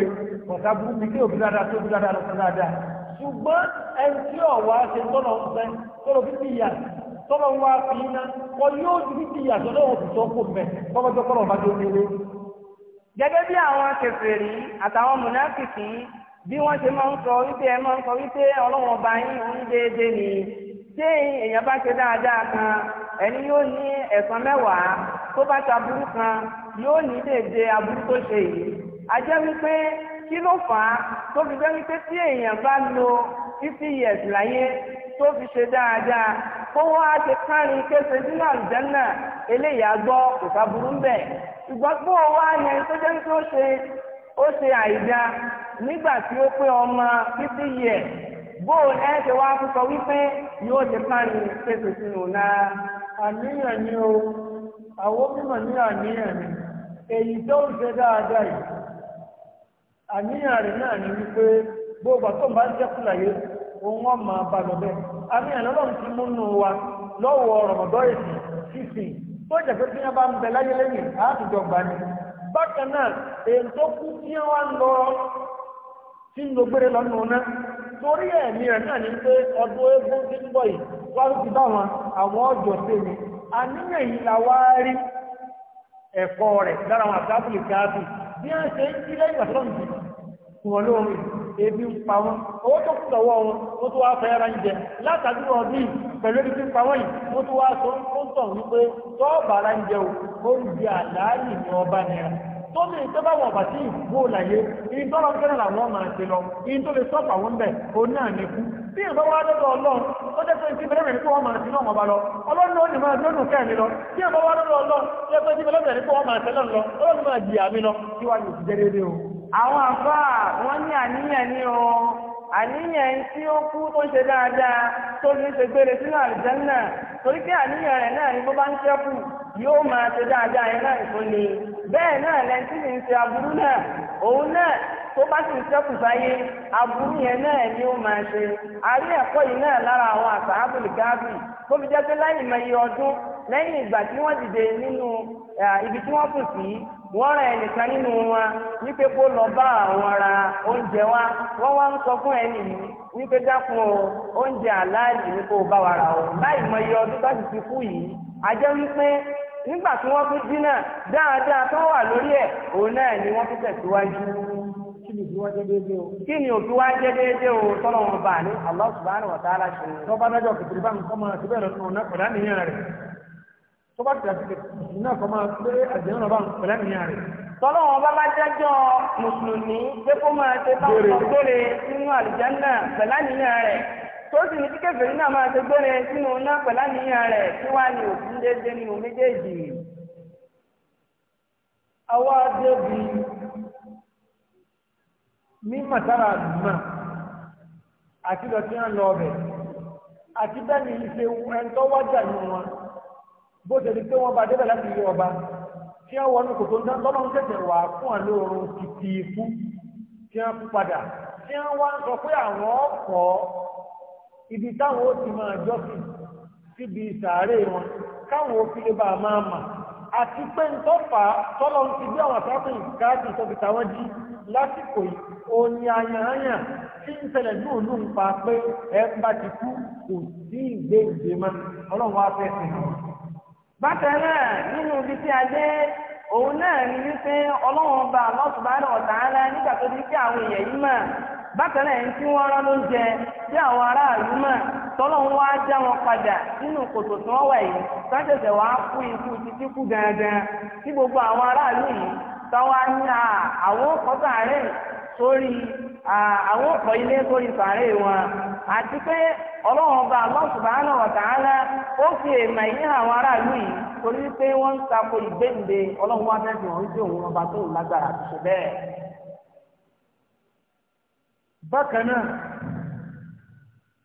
ṣùgbọ́n ẹni tí ọ̀wá ṣe tọ́lọ̀ ń fẹ́ tọ́lọ̀ fífi ìyà tọ́lọ̀ wá fi iná kọ yóò ju fífi ìyà tọ́lọ̀ wọ̀ fi sọ́kò mẹ́ tọ́lọ́jọ́ kọ́lọ̀ bá tó délé. gẹ́gẹ́ bí àwọn kèfèrí àtàwọn mùnáfìkì bí wọ́n ṣe máa ń sọ wípé ẹ máa ń sọ wípé ọlọ́wọ́n ọba yín ń déédéé ni ṣé èèyàn bá ṣe dáadáa kan ẹni yóò ní ẹ̀san mẹ́wàá tó bá ta burú kan yóò ní déédéé aburú tó ṣe yìí a jẹ́ wípé kí ló fà á tó fi jẹ́ wípé tí èèyàn bá lo fifty years láyé tó fi ṣe dáadáa kó ṣe kárin kése sínú eléyàá gbọ́ kò burú ń bẹ̀ ṣùgbọ́n pé ó wá yẹn tó jẹ́ wípé ó ṣe ó ṣe àìdá nígbà tí ó pé ọmọ fifty ẹ ṣe wá sọ ní àníyàn àníyàn rẹ̀ náà ni wípé gbogbo tó bá ń jẹ́kù láyé òun wọ́n máa bá lọ bẹ́ẹ̀ àníyàn lọ́lọ́run ti múnú wa lọ́wọ́ rọ̀mọ̀dọ́ èsì sísìn tó jẹ́ pé bí bá ń bẹ láyé lẹ́yìn àádùjọ gbà ni bákan náà èyí tó kú tí wọ́n ń lọ tí ń lọ́nà náà torí ẹ̀mí rẹ̀ náà ni pé ọdún eégún tí ń bọ̀ yìí wọ́n ti bá wọn àwọn ọjọ́ wọn lórí ebi ń pa wọn owó tó kù lọ́wọ́ wọn wọ́n tó wá fẹ́ ara ń jẹ látàdúrà ọdún pẹ̀lú ebi ń wọ́n yìí wọ́n tó wá sọ ó wípé tọ́ọ̀bà ara ń jẹ o ó ń di àlàáyì ní ọba nìyà tó ní ìtọ́ bá wọn bàtí ìbò láyé ìtọ́lọ́ fẹ́rẹ̀ làwọn máa ti lọ ìyí tó lè sọ́ọ̀pù àwọn bẹ̀ ó náà ní kú bí ìbá wá lọ́dọ̀ ọlọ́run ó jẹ́ pé ìtìbẹ̀rẹ̀ rẹ̀ kí wọ́n máa ti lọ́wọ́ bá lọ ọlọ́run ó ní máa dọ́nù kẹ́ẹ̀mí lọ bí ìbá wá lọ́dọ̀ ọlọ́run jẹ́ pé ìtìbẹ̀rẹ̀ rẹ̀ kí wọ́n máa tẹ́lọ̀ lọ ọlọ́run máa jìyà mí lọ kí wá ní òṣìṣẹ́ déédéé o àwọn àbá wọn ní àníyàn ní o àníyàn tí ó kú tó ṣe dáadáa tó ní ṣe gbére sínú àlùjànnà torí pé àníyàn rẹ̀ náà ni bó bá ń ṣẹ́kù yóò máa ṣe dáadáa yẹn náà ìfún ni bẹ́ẹ̀ náà lẹ́yìn tí kì í ṣe aburú náà òun náà tó bá sì ń ṣẹ́kù sáyé aburú yẹn náà ni ó máa ṣe àrí ẹ̀kọ́ yìí náà lára àwọn àṣàbùlì gáàbì tó fi jẹ́ pé láì mọ iye ọdún lẹ́yìn ìgbà tí wọ́n dìde nínú ibi tí wọ́n kù sí wọ́n ra ẹnìkan nínú wa wípé kó lọ bá àwọn oúnjẹ wọ́n wá ń sọ fún ẹni wípé dákun o oúnjẹ àláàlì ni kó bá wa rà o láì mọ iye ọdún tó ti ti yìí a jẹ́ wípé nígbà tí wọ́n dínà dáadáa tó wà lórí ẹ̀ òun náà ni wọ́n tẹ̀síwájú kí ni wá jẹ́ déédéé o tọ́lọ́ wọn bá ní tó bá tẹ̀lé sílẹ̀ iná kan máa pé àjẹyàn náà bá ń pẹ̀lẹ́ nìyà rẹ̀. tọ́lọ́ wọn bá bá jẹ́jọ́ mùsùlùmí pé kó máa ṣe báwọn ọ̀gbẹ́rẹ̀ nínú àlùjánnà pẹ̀lá nìyà rẹ̀ tó sì ní kíkẹ́ fèrè náà máa ṣe gbére sínú iná pẹ̀lá nìyà rẹ̀ tí wàá ní òfin déédéé nínú méjèèjì. àwa débi ní màtàrà àdùnnà àti lọ́tí wọn lọ ọbẹ̀ àti bẹ́ẹ̀ ni ìṣe ẹ̀ńtọ́ wájà nínú wọn. bó ṣe di pé wọ́n bá ọba tí a wọnú kòtò ńdá tọ́lọ́ ń tẹ̀sẹ̀ wà fún àlọ́ oorun títí ikú tí a kú tí a wá ń sọ pé ibi táwọn ó ti máa jọ́sìn síbi ìsàárè wọn káwọn bá a máa mà àti pé ń tọ́fà ń ti bí àwọn àtàkùn táwọn jí lásìkò tí ń ṣẹlẹ̀ ní òun ń bákan nínú ibi tí a dé òun náà ni wípé ọlọ́run bá lọ́sùn bá nígbà tó àwọn èèyàn yìí mọ̀ bákan ẹni tí wọ́n rán ló ń àwọn aráàlú mọ̀ tọ́lọ́run wá já wọn padà gbogbo àwọn aráàlú yìí táwa ní àwọn kọ́tà rẹ̀ sórí àwọn ọ̀pọ̀ ilé sórí sàárè wọn àti pé ọlọ́run ọba ó fi àwọn aráàlú yìí torí pé wọ́n ń ìgbéǹde ọlọ́run wá fẹ́ẹ́ fi hàn sí ọba tó lágbára àtúnṣe bẹ́ẹ̀. bákan náà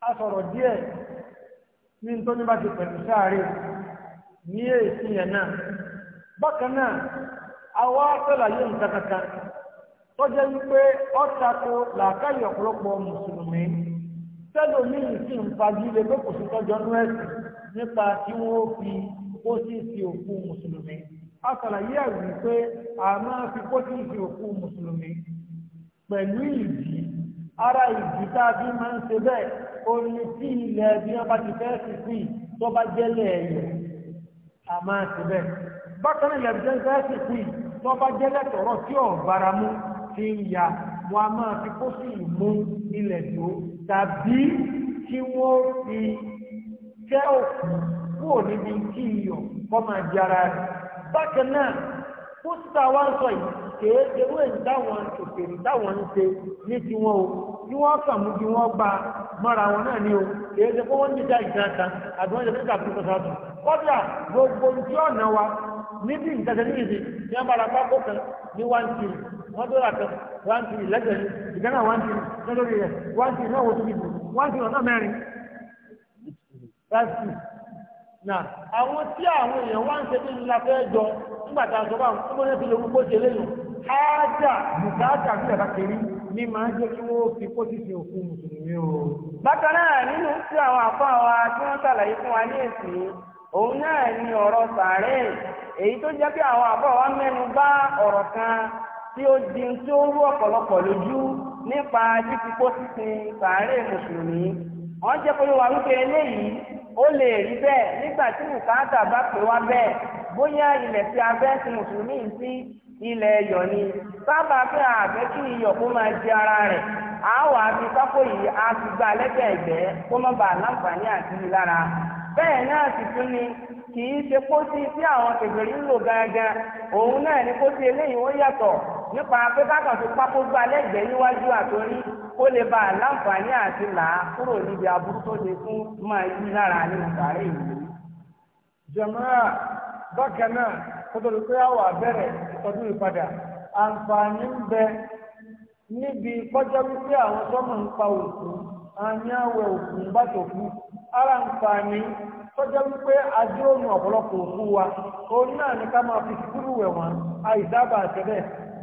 a sọ̀rọ̀ díẹ̀ ní nítorí bá ti pẹ̀lú sáré ní èsì yẹn náà bákan náà tó jẹ́ wípé ọ́tako làákàyè ọ̀pọ̀lọpọ̀ mùsùlùmí tẹ́lòmíì sì ń fagilé pé kò sí tọ́jọ́ nú ẹ̀sìn nípa tí wọ́n fi pósí sí òkú mùsùlùmí àtàlàyé ẹ̀rù wípé a máa fi pósí sí òkú mùsùlùmí pẹ̀lú ìdí ara ìdí tá a fi máa ń ṣe bẹ́ẹ̀ ó ní tí ilẹ̀ bí wọ́n bá ti fẹ́ sí sí tó bá jẹ́lẹ̀ ẹ̀yẹ̀ a máa ṣe bẹ́ẹ̀ bákan náà ilẹ̀ bí wọ́n fẹ́ sí sí tó bá jẹ́lẹ̀ tọ̀rọ̀ tí ò bára mú fi ń ya wọn a máa fi kó sí ìmú ilẹ̀ tó tàbí kí wọ́n fi tẹ́ òkú kúrò níbi kí iyọ̀ kọ́ máa di ara rẹ̀. bákan náà kó síta wá ń sọ yìí kèé ewé ìdáwọn òkèèrè ìdáwọn ń ṣe ní tiwọn o kí wọ́n kàn mú kí wọ́n gba mọ́ra wọn náà ní o kèé ṣe kó wọ́n níjà ìdáta àbí wọ́n ṣe nígbà tó kọsọ́ àtọ̀. kọ́dà gbogbo ojú ọ̀nà wa níbi ìdájọ́ níbi ìdí ní abala pápó kan ní one two wọ́n tó rà kan one three lẹ́gbẹ̀ẹ́ ìgbẹ́nà one three lọ́dọ̀rì rẹ̀ one three náà wọ́n tó dìbò one three ọ̀nà mẹ́rin that's two. na àwọn tí àwọn èèyàn wá ń ṣe bí ńlá fẹ́ jọ nígbà tá a sọ báwọn tó mọ́lẹ́ fi lè gbogbo ṣe léyìn ájà bùkátà sí ẹ̀ka kiri ní máa jẹ́ kí wọ́n fi kó ti ṣe òkú mùsùlùmí o. bákan náà nínú tí àwọn àpá wa tí wọ́n ṣàlàyé fún wa ní èsì òun náà ni ọ̀rọ̀ sàárẹ̀ èyí tó jẹ́ pé àwọn àbọ̀ wa mẹ́nu bá ọ̀rọ̀ kan tí ó di tí ó rú ọ̀pọ̀lọpọ̀ lójú nípa títí kó sísin sàárè mùsùlùmí wọ́n jẹ́ pé ó lè rí bẹ́ẹ̀ nígbà tí bùkátà bá pè wá bẹ́ẹ̀ bóyá ilẹ̀ tí a fẹ́ sin mùsùlùmí sí ilẹ̀ ni sábà àfẹ́ kí iyọ̀ kó ara rẹ̀ A wàá fi yìí ẹ̀gbẹ́ kó má àti bẹ́ẹ̀ náà ni kì í ṣe tí àwọn kèfèrí ń lò òun náà nípa pé kákan fi pákó gbá lẹ́gbẹ̀ẹ́ níwájú àtòrí ó lè bá a láǹfààní àti là á kúrò níbi aburú tó lè fún máa yí lára bákan náà kótóri pé àwọn abẹ́rẹ́ ìtọ́jú ìpadà àǹfààní ń bẹ níbi wípé àwọn ń pa àwẹ̀ ara àǹfààní wípé adúrónù ọ̀pọ̀lọpọ̀ òkú wa òun náà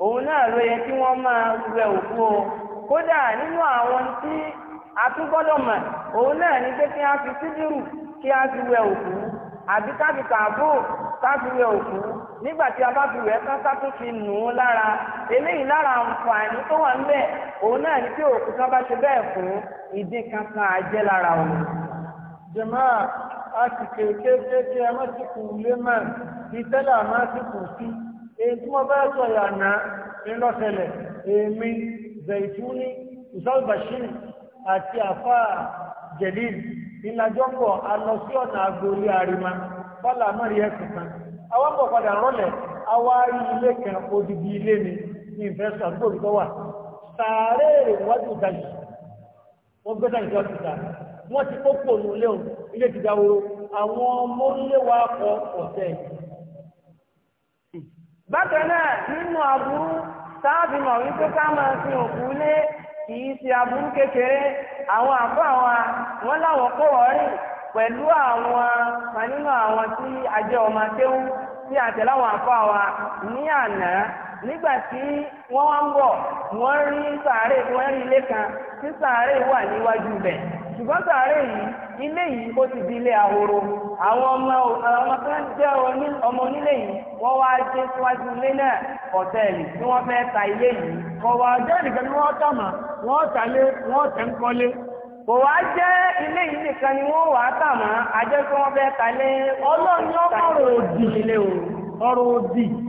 òun náà ló yẹ kí wọ́n máa wẹ òkú o kódà nínú àwọn tí a tún gbọ́dọ̀ mọ̀ òun náà ní pé a fi sídìrù kí a fi wẹ òkú àbí ká fi ká fi wẹ òkú nígbà tí a bá fi wẹ kán ká tún fi nù ú lára eléyìí lára àǹfààní tó wà ń òun ṣe bẹ́ẹ̀ fún ìdín kankan lára òun. jẹ̀mọ́ a kéékèèké kí má ti èyí tí wọ́n bẹ́ẹ̀ sọ ìyànà ńlọ́sẹ̀lẹ̀ èmi zaituni usal bashir àti àfà jẹ̀lìl ìlàjọ́pọ̀ alọ sí ọ̀nà agbórí àríma bọ́lá mọ́rí ẹ̀sùn kan àwọn bọ̀ padà rọ́lẹ̀ awárí ilé kan odidi ilé ni ní ìfẹ́sọ̀ àgbórí tó wà sàárè ìwájú ìdájì wọ́n gbé sáyẹ̀sì ọ̀sìta wọ́n ti kó pòlù léun ilé àwọn ọmọ orílẹ̀ wa kọ ọ̀sẹ̀ bákan náà nínú aburú táàbì mọ̀ wípé ká máa fi òkú lé kì í ṣe aburú kékeré àwọn àbọ̀ àwọn wọn láwọn kó wọ́n pẹ̀lú àwọn kan nínú àwọn tí ọmọ tí àtẹ̀láwọn àbọ̀ ní àná nígbà tí wọ́n wá ń bọ̀ wọ́n rí sàárè wọ́n rí ilé kan tí sàárè wà níwájú bẹ̀ ṣùgbọ́n sàárè yìí ilé yìí ó ti di ilé ahoro àwọn ọmọ àwọn kan jẹ́ ọmọ onílé yìí wọ́n wá dé síwájú ilé náà ọ̀tẹ́ẹ̀lì tí wọ́n fẹ́ ta ilé yìí kọ̀wá jẹ́ nìkan ni wọ́n tàmà wọ́n tàlé wọ́n tẹ̀ ń kọ́lé kò jẹ́ ilé yìí nìkan ni wọ́n wà á tàmà ajẹ́ pé fẹ́ ọlọ́run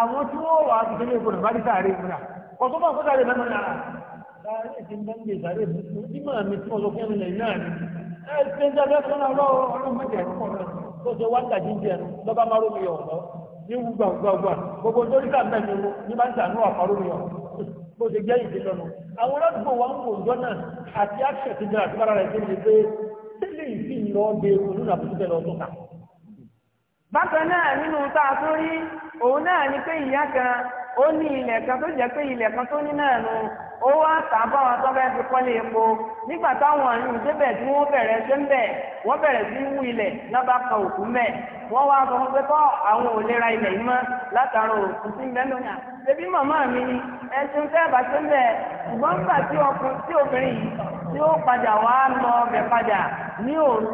àwọn tí wọ́n wà á ti tẹ́lẹ̀ ìgbọ̀nà bá dé sáré múra ọ̀tọ́ bá sọ́dá rẹ̀ mẹ́mọ́ náà láàrín ìdí ń bá ń gbé sáré mú nígbà mi tí wọ́n sọ fún ilẹ̀ náà ni ẹ ṣe ń jábẹ́ fún ọlọ́rọ̀ ọlọ́run mẹ́jẹ̀ ẹ̀kọ́ náà tó ṣe wá ń tàjí jẹ lọ́ba márùn-ún yọ̀ ọ̀dọ́ ní wúgbà gbàgbà gbogbo tó ní kàmbẹ́ ni mo ní máa ń tànú àfárùn yọ̀ bó ṣe jẹ́ ìdí lọ́nu àwọn ọlọ́dúnbò wa ń wò ń jọ́nà àti àṣẹ bákan náà nínú tá a tún rí òun náà ni pé ìyá kan ó ní ilẹ̀ kan tó jẹ́ pé ilẹ̀ kan tó ní náà nu ó wá tà á báwọn tó fẹ́ẹ́ fi kọ́lé epo nígbà táwọn àyùn débẹ̀ tí wọ́n bẹ̀rẹ̀ ṣe ń bẹ̀ wọ́n bẹ̀rẹ̀ sí wú ilẹ̀ náà kan òkú mẹ́ wọ́n wá sọ fún pé kọ́ àwọn ò lè ra ilẹ̀ yìí ebi màmá mi ni ẹsùn tẹ́ bá ṣe ń bẹ̀ ṣùgbọ́n nígbà tí obìnrin yìí tí ó padà wá lọ padà ní òru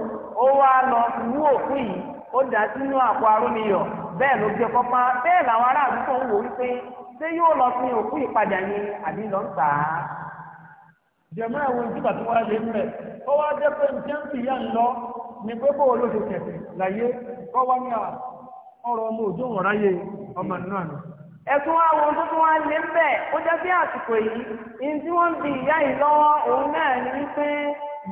ó dà sínú àpò arúniyọ̀ bẹẹ ló gbé kọ́pá lawara làwọn ará àdúgbò ń wò ṣé lọ sí òkú ìpadà ni àbí lọ ń tà á. jẹ̀mọ́ lè mẹ́ ó wá jẹ́ pé ń lọ ní pé bó o ló ṣe tẹ̀sẹ̀ láyé kọ́ wá ní ọ̀rọ̀ ọmọ òjò wọ̀n ráyè ọmọ náà nù. ẹ̀sùn àwọn tó tún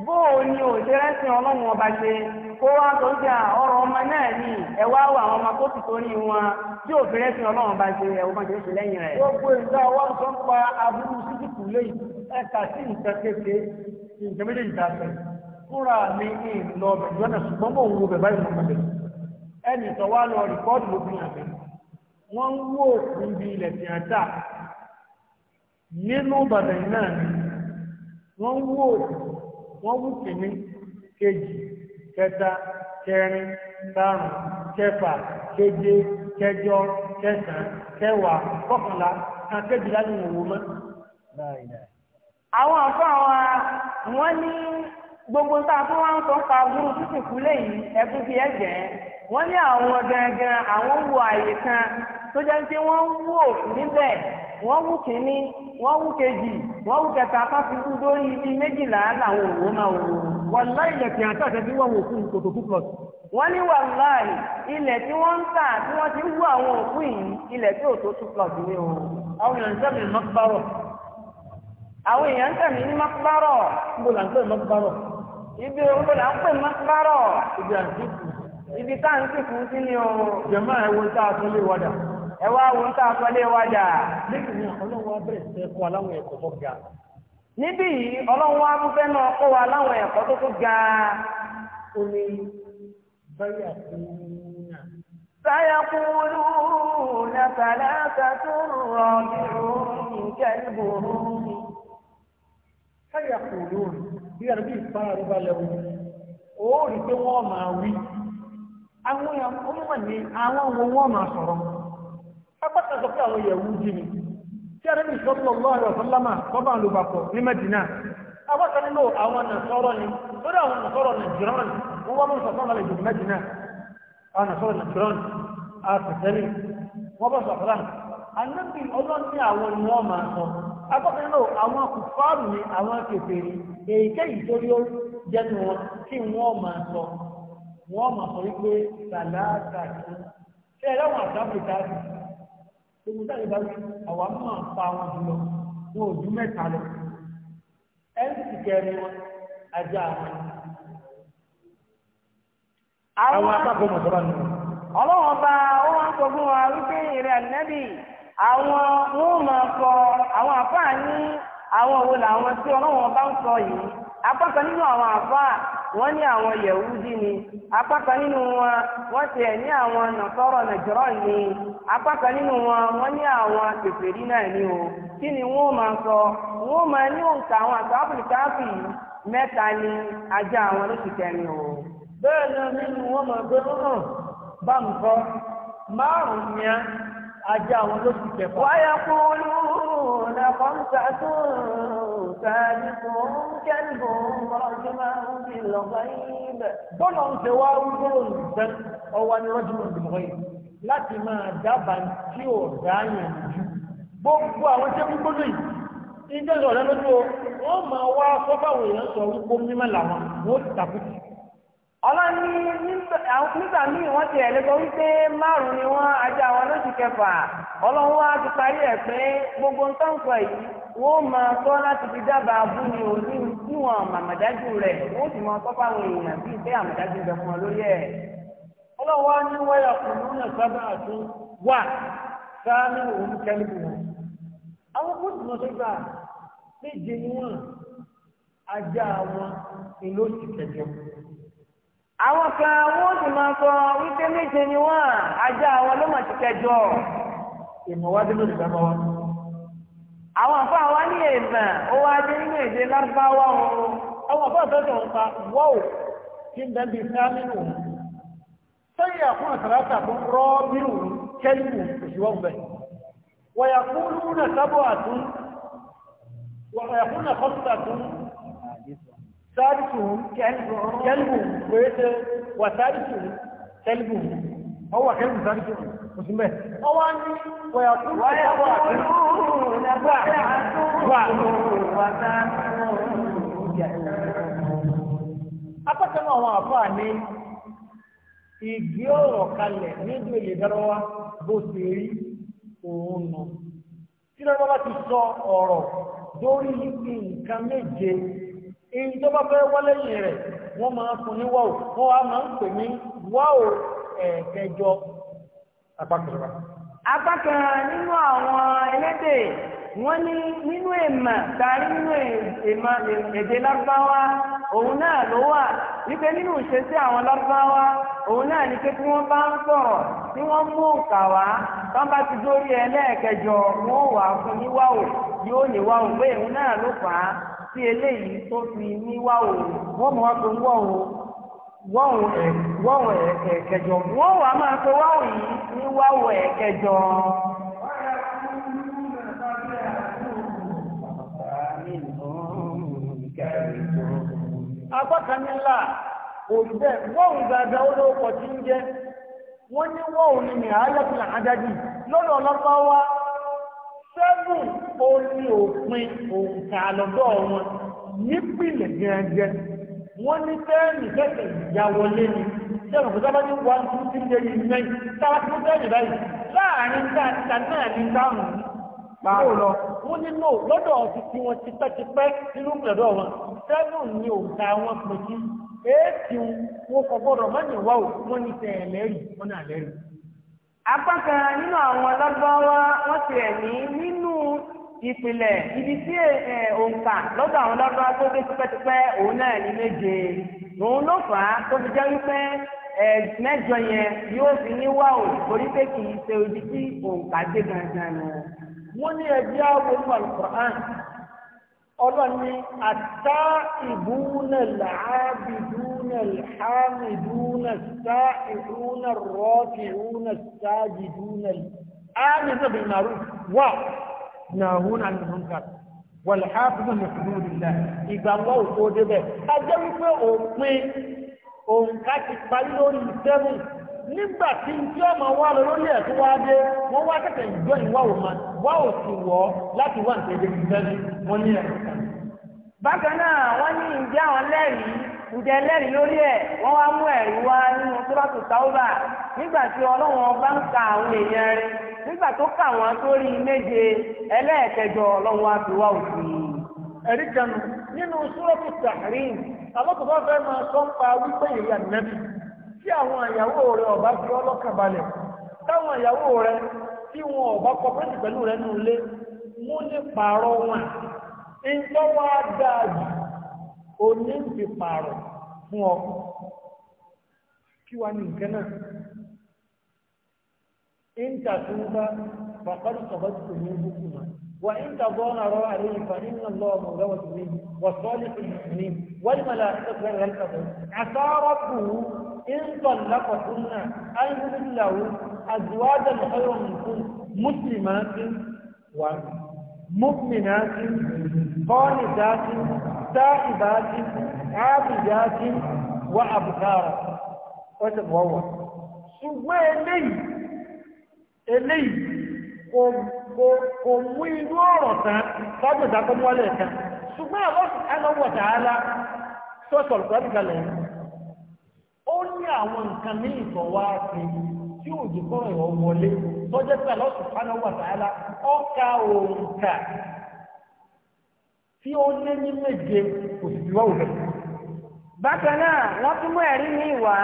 bóò ni òṣè rẹ́sìn ọlọ́run ọba ṣe kó wá sọ́jà ọ̀rọ̀ ọmọ náà ní ẹ̀wá wà àwọn ọmọ tó torí wọn tí òfin rẹ́sìn ọlọ́run ọba ṣe ẹ̀wọ́n máa ṣe lẹ́yìn rẹ̀. gbogbo ìgbà wa sọ ń pa aburú lẹ́yìn ẹ̀ka sí fẹ́. fúnra mi ní ṣùgbọ́n wo bẹ̀bá wọ́n ń ibi wọ́n wú kìíní kejì kẹta kẹrin karùn kẹfà keje kẹjọ kẹsàn kẹwàá kọkànlá kan kejìlá ní ìwò mọ́. àwọn àfọ àwọn wọn ní gbogbo tá a fún wa ń sọ pa gúrú títí kú lẹ́yìn ẹkún fi ẹ̀jẹ̀ wọn ní àwọn gangan àwọn wo àyè kan. tó nke pé wọ́n ń wò níbẹ̀ wọ́n wù kínní wọ́n wù kejì wọ́n wù kẹta lórí ibi méjìlá làwọn òwò máa wò wọ́n láì lẹ̀kìn àtàkẹ́ bí wọ́n wò fún plus wọ́n ní wàláì ilẹ̀ tí wọ́n ń tà tí ti wú àwọn òkú yìí ilẹ̀ tí ò tó tún pọ̀ ní o àwọn èèyàn ń tẹ̀lé mọ́kúbárọ̀ àwọn èèyàn ń ní mọ́kúbárọ̀ ibi là ń pè mọ́kúbárọ̀ ibi ẹ wá wo ń tà sọlé wájà. lẹ́yìn ọlọ́run wa bẹ̀rẹ̀ sí ẹ̀kọ́ aláwọn ẹ̀kọ́ tó ga. níbí yìí ọlọ́run wa fẹ́ náà kó wa láwọn ẹ̀kọ́ tó tó ga. ó ní báyà fún náà. سيقولون ìfara rẹ ó rí pé wọ́n máa wí àwọn ọmọ àwọn máa sọ̀rọ̀ apáta sọ pé àwọn Yẹhudi ni tí a níbi sallallahu alaihi wasallam bọ́bá olùgbàpọ̀ ní Mẹ́dínà apáta nínú àwọn nàṣọ́rọ̀ ni lórí àwọn nàṣọ́rọ̀ Nàìjíríà wọ́n wá mú sọ̀tọ́ àlejò Mẹ́dínà àwọn nàṣọ́rọ̀ Nàìjíríà àtẹ̀tẹ̀lẹ̀ wọ́n bá sọ̀tọ́lá anábì ọlọ́ni àwọn ni wọ́n máa sọ apáta nínú àwọn kùfáàrù ni àwọn kèfèrí èyíkéyìí torí ó jẹ́nu wọn kí wọ́n máa sọ wọ́n máa sọ wípé sàlá gbogbo táyì bá rí àwa máa pa wọn jùlọ wọn ò ju lọ ẹ ń sì kẹrin wọn ajá wọn. àwọn akáko mọ̀ sọ́ra nù. ọlọ́wọ́n bá wọn wá ń sọ fún wa wípé ìrẹ̀ nẹ́bì àwọn wọn máa kọ àwọn àfáà ní àwọn làwọn tí ọlọ́wọ́n bá ń sọ yìí. apá kan nínú àwọn àfáà wọ́n ní àwọn yẹ̀wúdí ni apá kan nínú wọn wọ́n tiẹ̀ ní àwọn ni apá kan nínú wọn ní àwọn ni o kí ni máa sọ wọ́n máa ní òǹkà àwọn àti áfíríkáàfì ni ajá àwọn lóṣù kẹrin o. bẹ́ẹ̀ náà nínú wọn máa gbé hàn bá ń kọ́ márùn-ún yẹn ajá àwọn wáyà سابق كلبهم رجمه بالغيب بلون سواو بلون بل هو رجم بالغيب láti máa dábàá tí ò dáyàn jù gbogbo àwọn tí ó gbogbo yìí ìjọ ìrọ̀lẹ́ lójú o nígbà míì wọ́n ti wípé márùn-ún ni wọ́n ajá lóṣù kẹfà ọlọ́run wá ti parí ẹ̀ pé gbogbo yìí wọ́n máa tọ́ láti fi dábàá bú ni ò ní níwọ̀n àmàdájú rẹ̀ wọ́n sì máa tọ́ fáwọn èèyàn bíi pé àmàdájú bẹ fún ọ lórí ẹ̀. ọlọ́wọ́ ní wáyà kò ní ọ̀nà sábà tó wà sáánù òun kẹ́lẹ́bù wọn. àwọn kóòtù náà tó gbà méje ni wọn ajá wọn ìlú òsì kẹjọ. àwọn kan wọ́n sì máa sọ wípé méje ni wọn ajá wọn ló mà ti kẹjọ. ìmọ̀wádìí ló ti dábàá wọn àwọn àfáà wá ní èèmà ó wá dé nínú èdè lárúbáwá wọn àwọn àfáà tó tọ̀ ń pa wọ́ọ̀ kí n bẹ́ẹ̀ bí sámínú sẹ́yìn àkún àtàràtà fún rọ́ọ̀bìrù kẹ́lìmù òṣìwọ́n bẹ́ẹ̀ wọ̀yàkúnú kẹ́lìmù wẹ́ẹ́sẹ̀ wà sáàdìsùn òsì mẹ́. ọwọ́ ní wẹ̀yà kú náà àfáà ní ìgbé ọ̀rọ̀ kalẹ̀ èlé dárọ́wá bó ṣe rí òun nù. tí bá ti sọ ọ̀rọ̀ nǹkan méje èyí tó bá fẹ́ rẹ̀ wọ́n máa fún ní wáwò wọ́n á máa ń pè ní wáwò apákanra. apákan nínú àwọn elédè wọ́n ní nínú èèmà tàbí nínú èèmà èdè lárúbáwá òun náà ló wà wípé nínú ìṣesí àwọn lárúbáwá òun náà ní pé tí wọ́n bá ń sọ̀rọ̀ tí wọ́n mú òǹkà wá tán bá ti dórí ẹlẹ́ẹ̀kẹjọ wọ́n wà fún níwáwò yóò o pé òun náà ló fà á sí eléyìí tó fi níwáwò wọ́n mọ̀ ọ́ pé ń wọ̀ o. wọ́wọ̀ ẹ̀kẹjọ wọ́wọ̀ a máa pé wáwọ̀ yìí ní wáwọ̀ ẹ̀kẹjọ apákanilá òṣìṣẹ́ wọ́wọ̀ gbàgbà olóòpọ̀ tí ń jẹ́ wọ́n ní wọ́wọ̀ ní ní àáyàtìlà adájì lọ́dọ̀ ọlọ́pàá sẹ́gùn ó ní òpin òǹkà wọn wọ́n ní tẹ́ẹ̀nì lẹ́sẹ̀ ìyàwọlé ni sẹ́nu kò sábà ní one two three day in may sábà tí wọ́n tẹ́ẹ̀nì báyìí láàrin dáadáa náà ní dáhùn báwo lọ wọ́n ní no lọ́dọ̀ ọ̀sìn tí wọ́n ti pẹ́tipẹ́ nínú pẹ̀lú ọ̀wọ́n seven ni òǹkà wọn pè sí éèkì wọn kò gbọ́dọ̀ má ní wá o wọ́n ní tẹ̀ ẹ̀lẹ́rì wọ́n ní àlẹ́rì. apá kan nínú àwọn alágbáwá wọ́n ti ẹ̀ ní nínú ìpìlẹ̀ ibi tí òǹkà lọ́dọ̀ àwọn lọ́dọ̀ tó dé tipẹ́tipẹ́ òun náà ní méje òun ló fà á tó fi jẹ́ wípé mẹ́jọ yẹn yóò fi ní wá òun torí pé kì í ṣe ojú tí òǹkà dé gangan nù. wọ́n ní ẹbí àwọn olùkọ́rán ọlọ́ni àtà ìbúnà làábìdúnà làámìdúnà sáìdúnà rọ́ọ̀kìdúnà sáàjìdúnà ámì náà màrú wà. na an na wal hafizun li hududillah ìgbàgbọ́ òkò débẹ̀ ká jẹ́ wípé òpin òǹkà ti parí lórí seven nígbà tí n tí ọmọ wa lọ lórí ẹ̀ tó wá dé wọ́n wá tẹ̀tẹ̀ ìjọ ìwà òun wá ò sì wọ́ wọn ní ẹ̀ ǹjẹ́ ẹlẹ́rìí lórí ẹ̀ wọ́n wá mú ẹ̀rí wá nínú sọ́dọ̀tù táwọ́bà nígbà tí ọlọ́run ọba ń ka àwọn èèyàn rẹ̀ nígbà tó kà wọ́n sórí méje ẹlẹ́ẹ̀kẹjọ ọlọ́run wá fi wá òfin. ẹ̀rí kanu nínú sọ́dọ̀tù tàhírìn alọ́kọ̀ọ́bá fẹ́ máa sọ ń pa wípé ìrìn ànẹ́bí tí àwọn rẹ̀ ọba fi ọba kọ pẹ̀lú rẹ̀ nù oní fi pààrọ̀ fún ọ kí wá ní nǹkan náà ìntà tó ń bá bàbáàdì sọ̀bọ́dì tó ní gbogbo náà wà ìntà bọ́ ọ̀nà rọ àríyìn ìfà nínú lọ ọmọ tó ní wà sọ́ọ́lì tó ní wọ́n ní mọ̀lá àtẹ́kọ̀ọ́ ẹ̀rọ ń tàbí àtàrọ̀ bù ú ìntọ̀ lápapọ̀ náà ayélujáwó àdìwádà lọ́yọ̀ nìkún mùsùlùmáàtì wà mùmìnàtì kọ́ọ̀nì dáàtì تائبات عابدات وأبكار وتبوى ṣùgbọ́n eléyìí eléyìí kò mú inú ọ̀rọ̀ tán fọ́dún ìdákọ́mú wọlé kan ṣùgbọ́n àwọn ẹlọ́wọ̀ tààlà sọ́sọ̀ ìgbàlẹ̀ ó ní àwọn nǹkan ní ìtọ̀wá sí tí òjò kọ́rọ̀ ìwọ̀ tí ó lé ní méje kò sì ti wá òbẹ̀. bákan náà wọ́n tún mú ẹ̀rí ní ìwà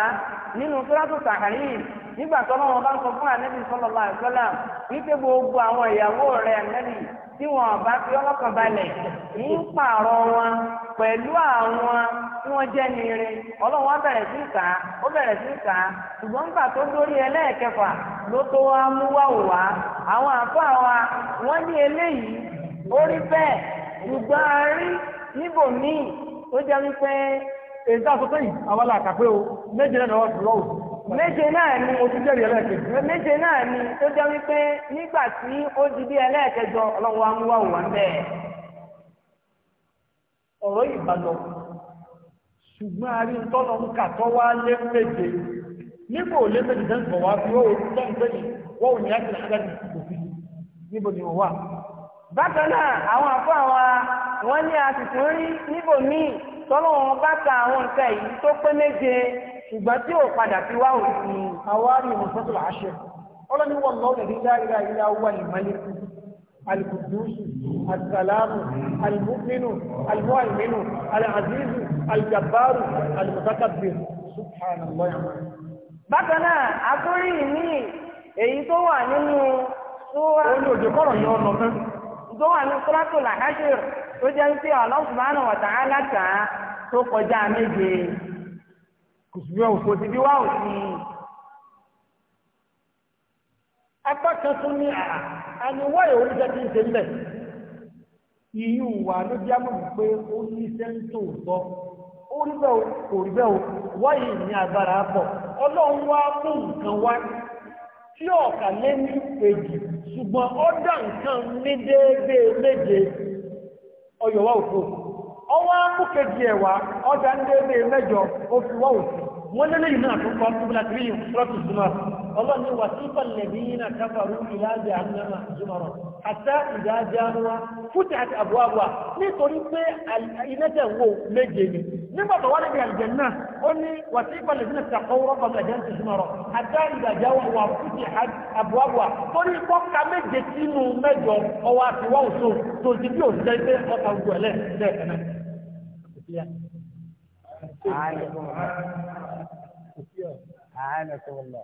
nínú sọ́látò sàkárì nígbà tó lọ́wọ́ bá ń sọ fún ànẹ́bí sọ́lọ́lá wípé gbogbo àwọn ìyàwó rẹ̀ ànẹ́bí tí wọn bá fi ọlọ́kàn balẹ̀ ń pààrọ̀ wọn pẹ̀lú àwọn tí wọ́n jẹ́ ṣùgbọ́n nígbà tó dórí ẹlẹ́ẹ̀kẹfà ló tó wá mú wá àwọn àwa wọ́n ní eléyìí ó gbogbo a rí níbò o ó jẹ́ wípé èdè àsọtọ́ yìí àwọn o méje náà lọ́wọ́ dúró o méje náà ni o ti jẹ́rìí méje náà ni ó jẹ́ wípé nígbà tí ó di bí ẹlẹ́ẹ̀kẹjọ ọlọ́run wa ń wá òwà ń bẹ́ẹ̀ ọ̀rọ̀ ìbàdàn ṣùgbọ́n a rí ń kà tọ́ wá lé méje bákan náà àwọn àfọ àwa wọ́n ní àtìtì rí níbò míì tọ́lọ́wọ́n bá ta àwọn nǹkan èyí tó pé méje ṣùgbọ́n tí ò padà fi wá òsì àwárí ìmọ̀sọ́tò àṣẹ ọlọ́ni wọ́n lọ́wọ́ lè dá ìlà ìlà wà ní mọ́lẹ́kù alìkùdúsù àtìsàlámù alìmúmínú alìmúàìmínú alìhàzízù alìjàbárù alìmọ̀sákàbì subhanallah bákan náà àtúrí ìmí èyí tó wà nínú ó ní òjò kọ́rọ̀ yọ ọ tó wà ní kúrọ́tò làhájìr tó jẹ́ pé Allah subhanahu wa ta'ala ta tó kọjá méje kùsùnmíọ̀ òfò ti bí wá òsì. apá kan tún ní ìwé ṣe ń bẹ̀. ló bí pé ó ní sẹ́ńtò sọ ó rí bẹ́ẹ̀ kò rí bẹ́ẹ̀ ṣùgbọ́n ó dá nǹkan ní déédéé méje ọyọ̀wá òfin ọwọ́ amúkejì ẹ̀wà ọjà ń déédéé mẹ́jọ òfin wọ́n òfin náà tó kọ́ ọlọ́run ní wàsífà lẹ́bí iná káfàrú ìlàjẹ̀ àmìnàmà jùmọ̀rọ̀ àtà ìdájánuwa fúti àti àbúwàbúwà nítorí pé inájẹ̀ wo méje ni nígbà tó wà níbi àlìjẹ̀ náà ó ní wàsífà lẹ́bí iná tàkọ́wọ́rọ́ kọ́mọ̀ ẹ̀jẹ̀ ti jùmọ̀rọ̀ àtà ìdájánuwa fúti àti àbúwàbúwà torí kọ́ka méje sínú mẹ́jọ ọwọ́ àti wọ́n òṣò tó ti bí òṣìṣẹ́ pé ọkà gbogbo ẹ̀lẹ́ سبحانك والله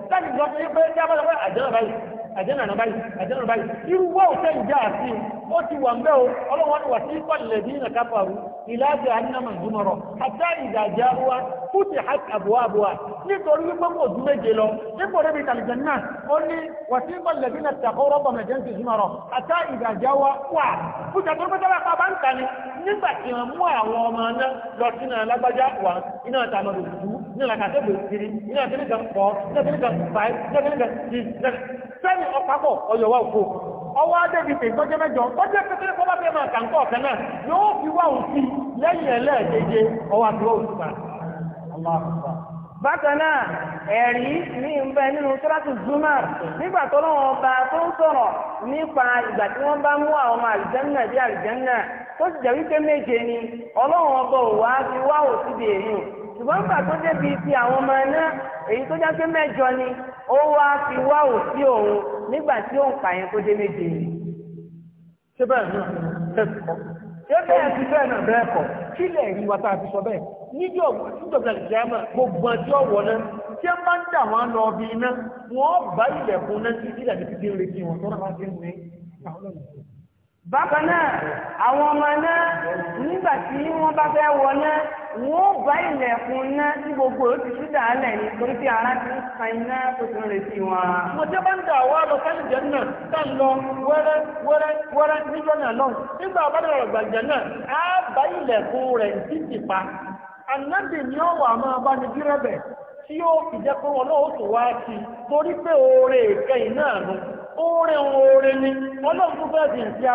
sáàtì gbọ́ pé pé kí a bá báyìí àjẹ́nà báyìí àjẹ́nà báyìí irú wá òfẹ́ ìjà àti ó ti wà mbẹ́ o ọlọ́wọ́n wà sí pàlẹ̀ bí nà káfàrú ìlàjì ànàmà ìdúmọ̀rọ̀ àtà ìjà àjà wa fúti hàk àbúwá àbúwá nítorí wípé kò ju méje lọ nípò rẹbi tàlìjẹ náà ó ní wà sí pàlẹ̀ bí nà tàkọ́ rọ́bà mẹjẹ́ ti ìdúmọ̀rọ̀ àtà ìjà àjà wa wà fúti àtọ́ pẹ́tẹ́ bá pa bá ń ní ọ̀pápọ̀ ọ̀yọ̀wá òkú ọwọ́ adébìtì ìgbọ́jẹ́ mẹ́jọ ọjọ́ kékeré kọ́ fẹ́ máa kàǹkọ́ ọ̀kẹ́ náà yóò fi wá òsì lẹ́yìn ẹlẹ́ẹ̀dẹ́gẹ́ ọwọ́ àdúrà ni zumar nígbà tó nípa tí wọ́n òsì ṣùgbọ́n gbà tó débi ti àwọn ọmọ náà èyí tó jáde mẹ́jọ ni ó wá fi wá òsí òun nígbà tí òun pààyàn tó dé méje yìí. ṣé bẹ́ẹ̀ náà bẹ́ẹ̀ kọ́ ṣé bẹ́ẹ̀ ti bẹ́ẹ̀ náà bẹ́ẹ̀ kọ́ kí lè rí wa tá a fi sọ bẹ́ẹ̀ níjọ́ níjọba ìjàmà gbogbo ẹjọ́ wọ̀ náà tí a máa ń dà wọ́n lọ bí iná wọ́n bá ilẹ̀kùn náà títí dàbí títí bákan náà àwọn ọmọ náà nígbà tí wọ́n bá fẹ́ wọ náà wọ́n bá ilẹ̀kùn náà tí gbogbo ó ti ṣúdà á lẹ̀ torí pé ara ti ń ka iná tó ti ń retí wọn. mo jẹ́ bá ń da àwọn ọmọ sẹ́yìn jẹ́ náà tá ń lọ wẹ́rẹ́ wẹ́rẹ́ wẹ́rẹ́ níjọ́ náà lọ́hùn nígbà bá dọ̀rọ̀ gbàgbẹ́ náà á bá ilẹ̀kùn rẹ̀ ń títì pa ànábì ni ó wà máa bá ní dírẹ́bẹ̀ tí yóò fi jẹ́ pé wọn náà tó wá sí torí pé oore ìkẹyìn náà nù oore ni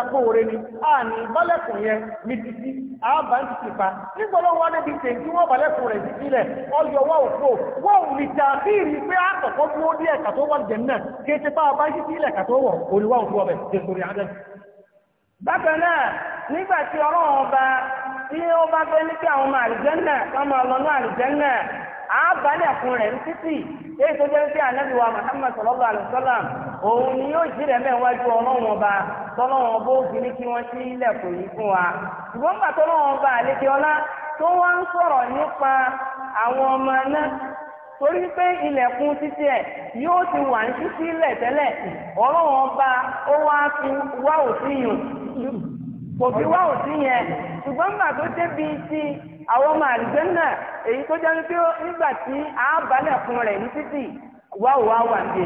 akó ni àní yẹn àbá ń ti pa nígbà lọ́wọ́ wọn níbi tẹ̀ tí wọ́n rẹ̀ sí sílẹ̀ ọyọ̀ wà òfò wọ́n ò lè ta bí ìrì pé àkọ́kọ́ tí ó díẹ̀ kàtó wà jẹ̀ náà kí ẹ ti bá a bá sílẹ̀ kàtó wọ̀ orí wà ọbẹ̀ jẹ́ sórí adẹ́. bákan náà nígbà tí ọlọ́run ọba àbálẹ̀kùn rẹ̀ ní títì èyí tó jẹ́ sí ànábìwá Muhammad sallallahu ni yóò jí rẹ̀ mẹ́wájú ọlọ́run ọba tọ́lọ́run ọba òfin ní kí wọ́n sí ilẹ̀kùn yìí fún wa ṣùgbọ́n nígbà ọba àlejò ọlá tó wá ń sọ̀rọ̀ nípa ọmọ náà torí pé ilẹ̀kùn títí ẹ̀ yóò ti wà ní títí ilẹ̀ tẹ́lẹ̀ kò fi osi òsín yẹn ṣùgbọ́n nígbà tó débi ti àwọn ọmọ àlùjẹ́ náà èyí tó jẹ́ pé nígbà tí àbálẹ̀kùn rẹ̀ ní títì wá ò wá wà ní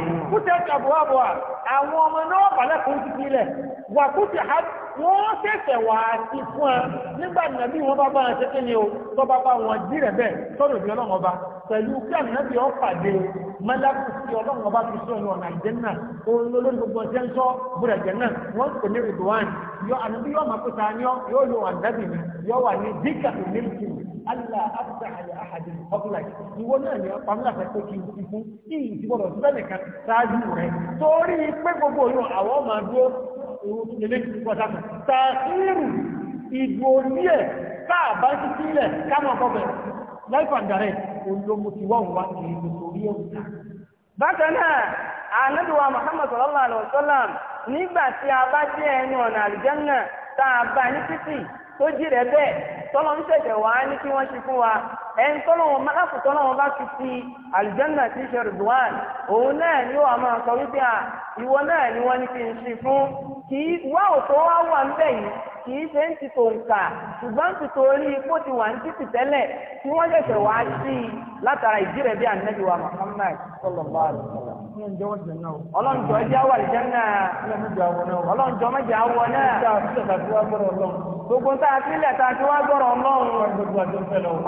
ọmọ náà wọ́n tẹ̀sẹ̀ wà sí fún ẹ nígbà nàbí wọn bá bá ṣe kíni o tó bá bá wọn jí rẹ̀ bẹ́ẹ̀ sọ́dọ̀ bí ọlọ́run ọba pẹ̀lú kí ànábì ọ pàdé mẹ́lákù sí ọlọ́run ọba fi sọ ọ̀nà àìjẹ́nà olólórí gbogbo ọjọ́ ń ni ọ yóò lo ànábì ni yọ wà ní díkà ìmílìkì àyà àhàdì ọ̀gbìnà ìwọ náà ni ọ̀pá ńlá fẹ́ kó kí n ti fún kí ìtìbọ̀dọ̀ síbẹ̀ nìkan ṣáájú rẹ̀ torí pé gbogbo yóò àwọn máa dúró òun tún lè fi pọ̀ dákùn tààkìrù ìgbò díẹ̀ káà bá ti sílẹ̀ káàmà bọ́bẹ̀ life and direct olómo ti wọ́n wá kì í nítorí ọ̀tá. bákan Muhammad sallallahu alaihi wasallam nígbà tí a bá dé ẹnu ọ̀nà àlùjánnà tá a bá ní títì tó jí rẹ̀ bẹ́ẹ̀ tọ́lọ́ ń ṣẹ̀ṣẹ̀ wá ní kí wọ́n ṣe fún wa ẹni tọ́lọ́wọ́n mọ́láfù tọ́lọ́wọ́n bá fi ti àlùjánnà tí ṣe rìdùwán òun náà ni ó máa sọ wípé à ìwọ náà ni wọ́n ní kí n ṣe fún kì í wá òtó wá wà ń bẹ̀ yìí kì í ṣe ń ti tò nǹkà ṣùgbọ́n ń ti tò orí ipò ti wà ń títì tẹ́lẹ̀ tí wọ́n ṣẹ̀ṣẹ̀ wá sí i látara ìdí rẹ̀ bí ànábì wa Muhammad sallallahu alaihi wasallam. ọlọ́njọ́ ẹjẹ́ wà lìjẹ́ náà ọlọ́njọ́ mẹ́jẹ̀ àwọ̀ náà. gbogbo tá a ti lẹ̀ ti wá gbọ́rọ̀ ọlọ́run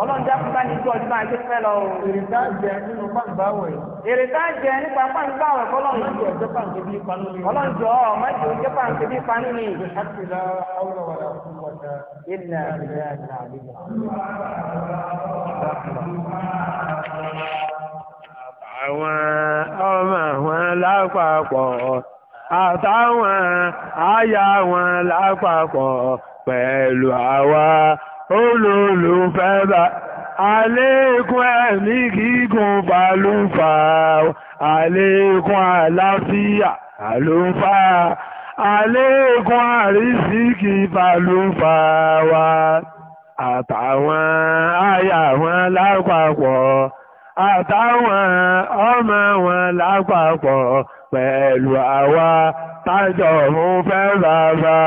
ọlọ́run jẹ́ ní ìjọ ọdún máa ṣe fẹ́ lọ o. jẹ nínú pàǹbáwẹ̀. èrètá jẹ nípa jọ pàǹkì ni. jọ pàǹkì ni. ìṣàkìlá awúrọ̀wàlà fún àwọn ọmọ lápapọ̀ àtàwọn àyà pẹ̀lú àwa olólùfẹ́ bá àlékún ẹ̀mí gígùn balùfà àlékún àlàáfíà àlùfà àlékún àrísìkì balùfà wa àtàwọn aya lápapọ̀ àtàwọn ọmọ wọn lápapọ̀ pẹ̀lú àwa tájọ̀ fún fẹ́ bàbá.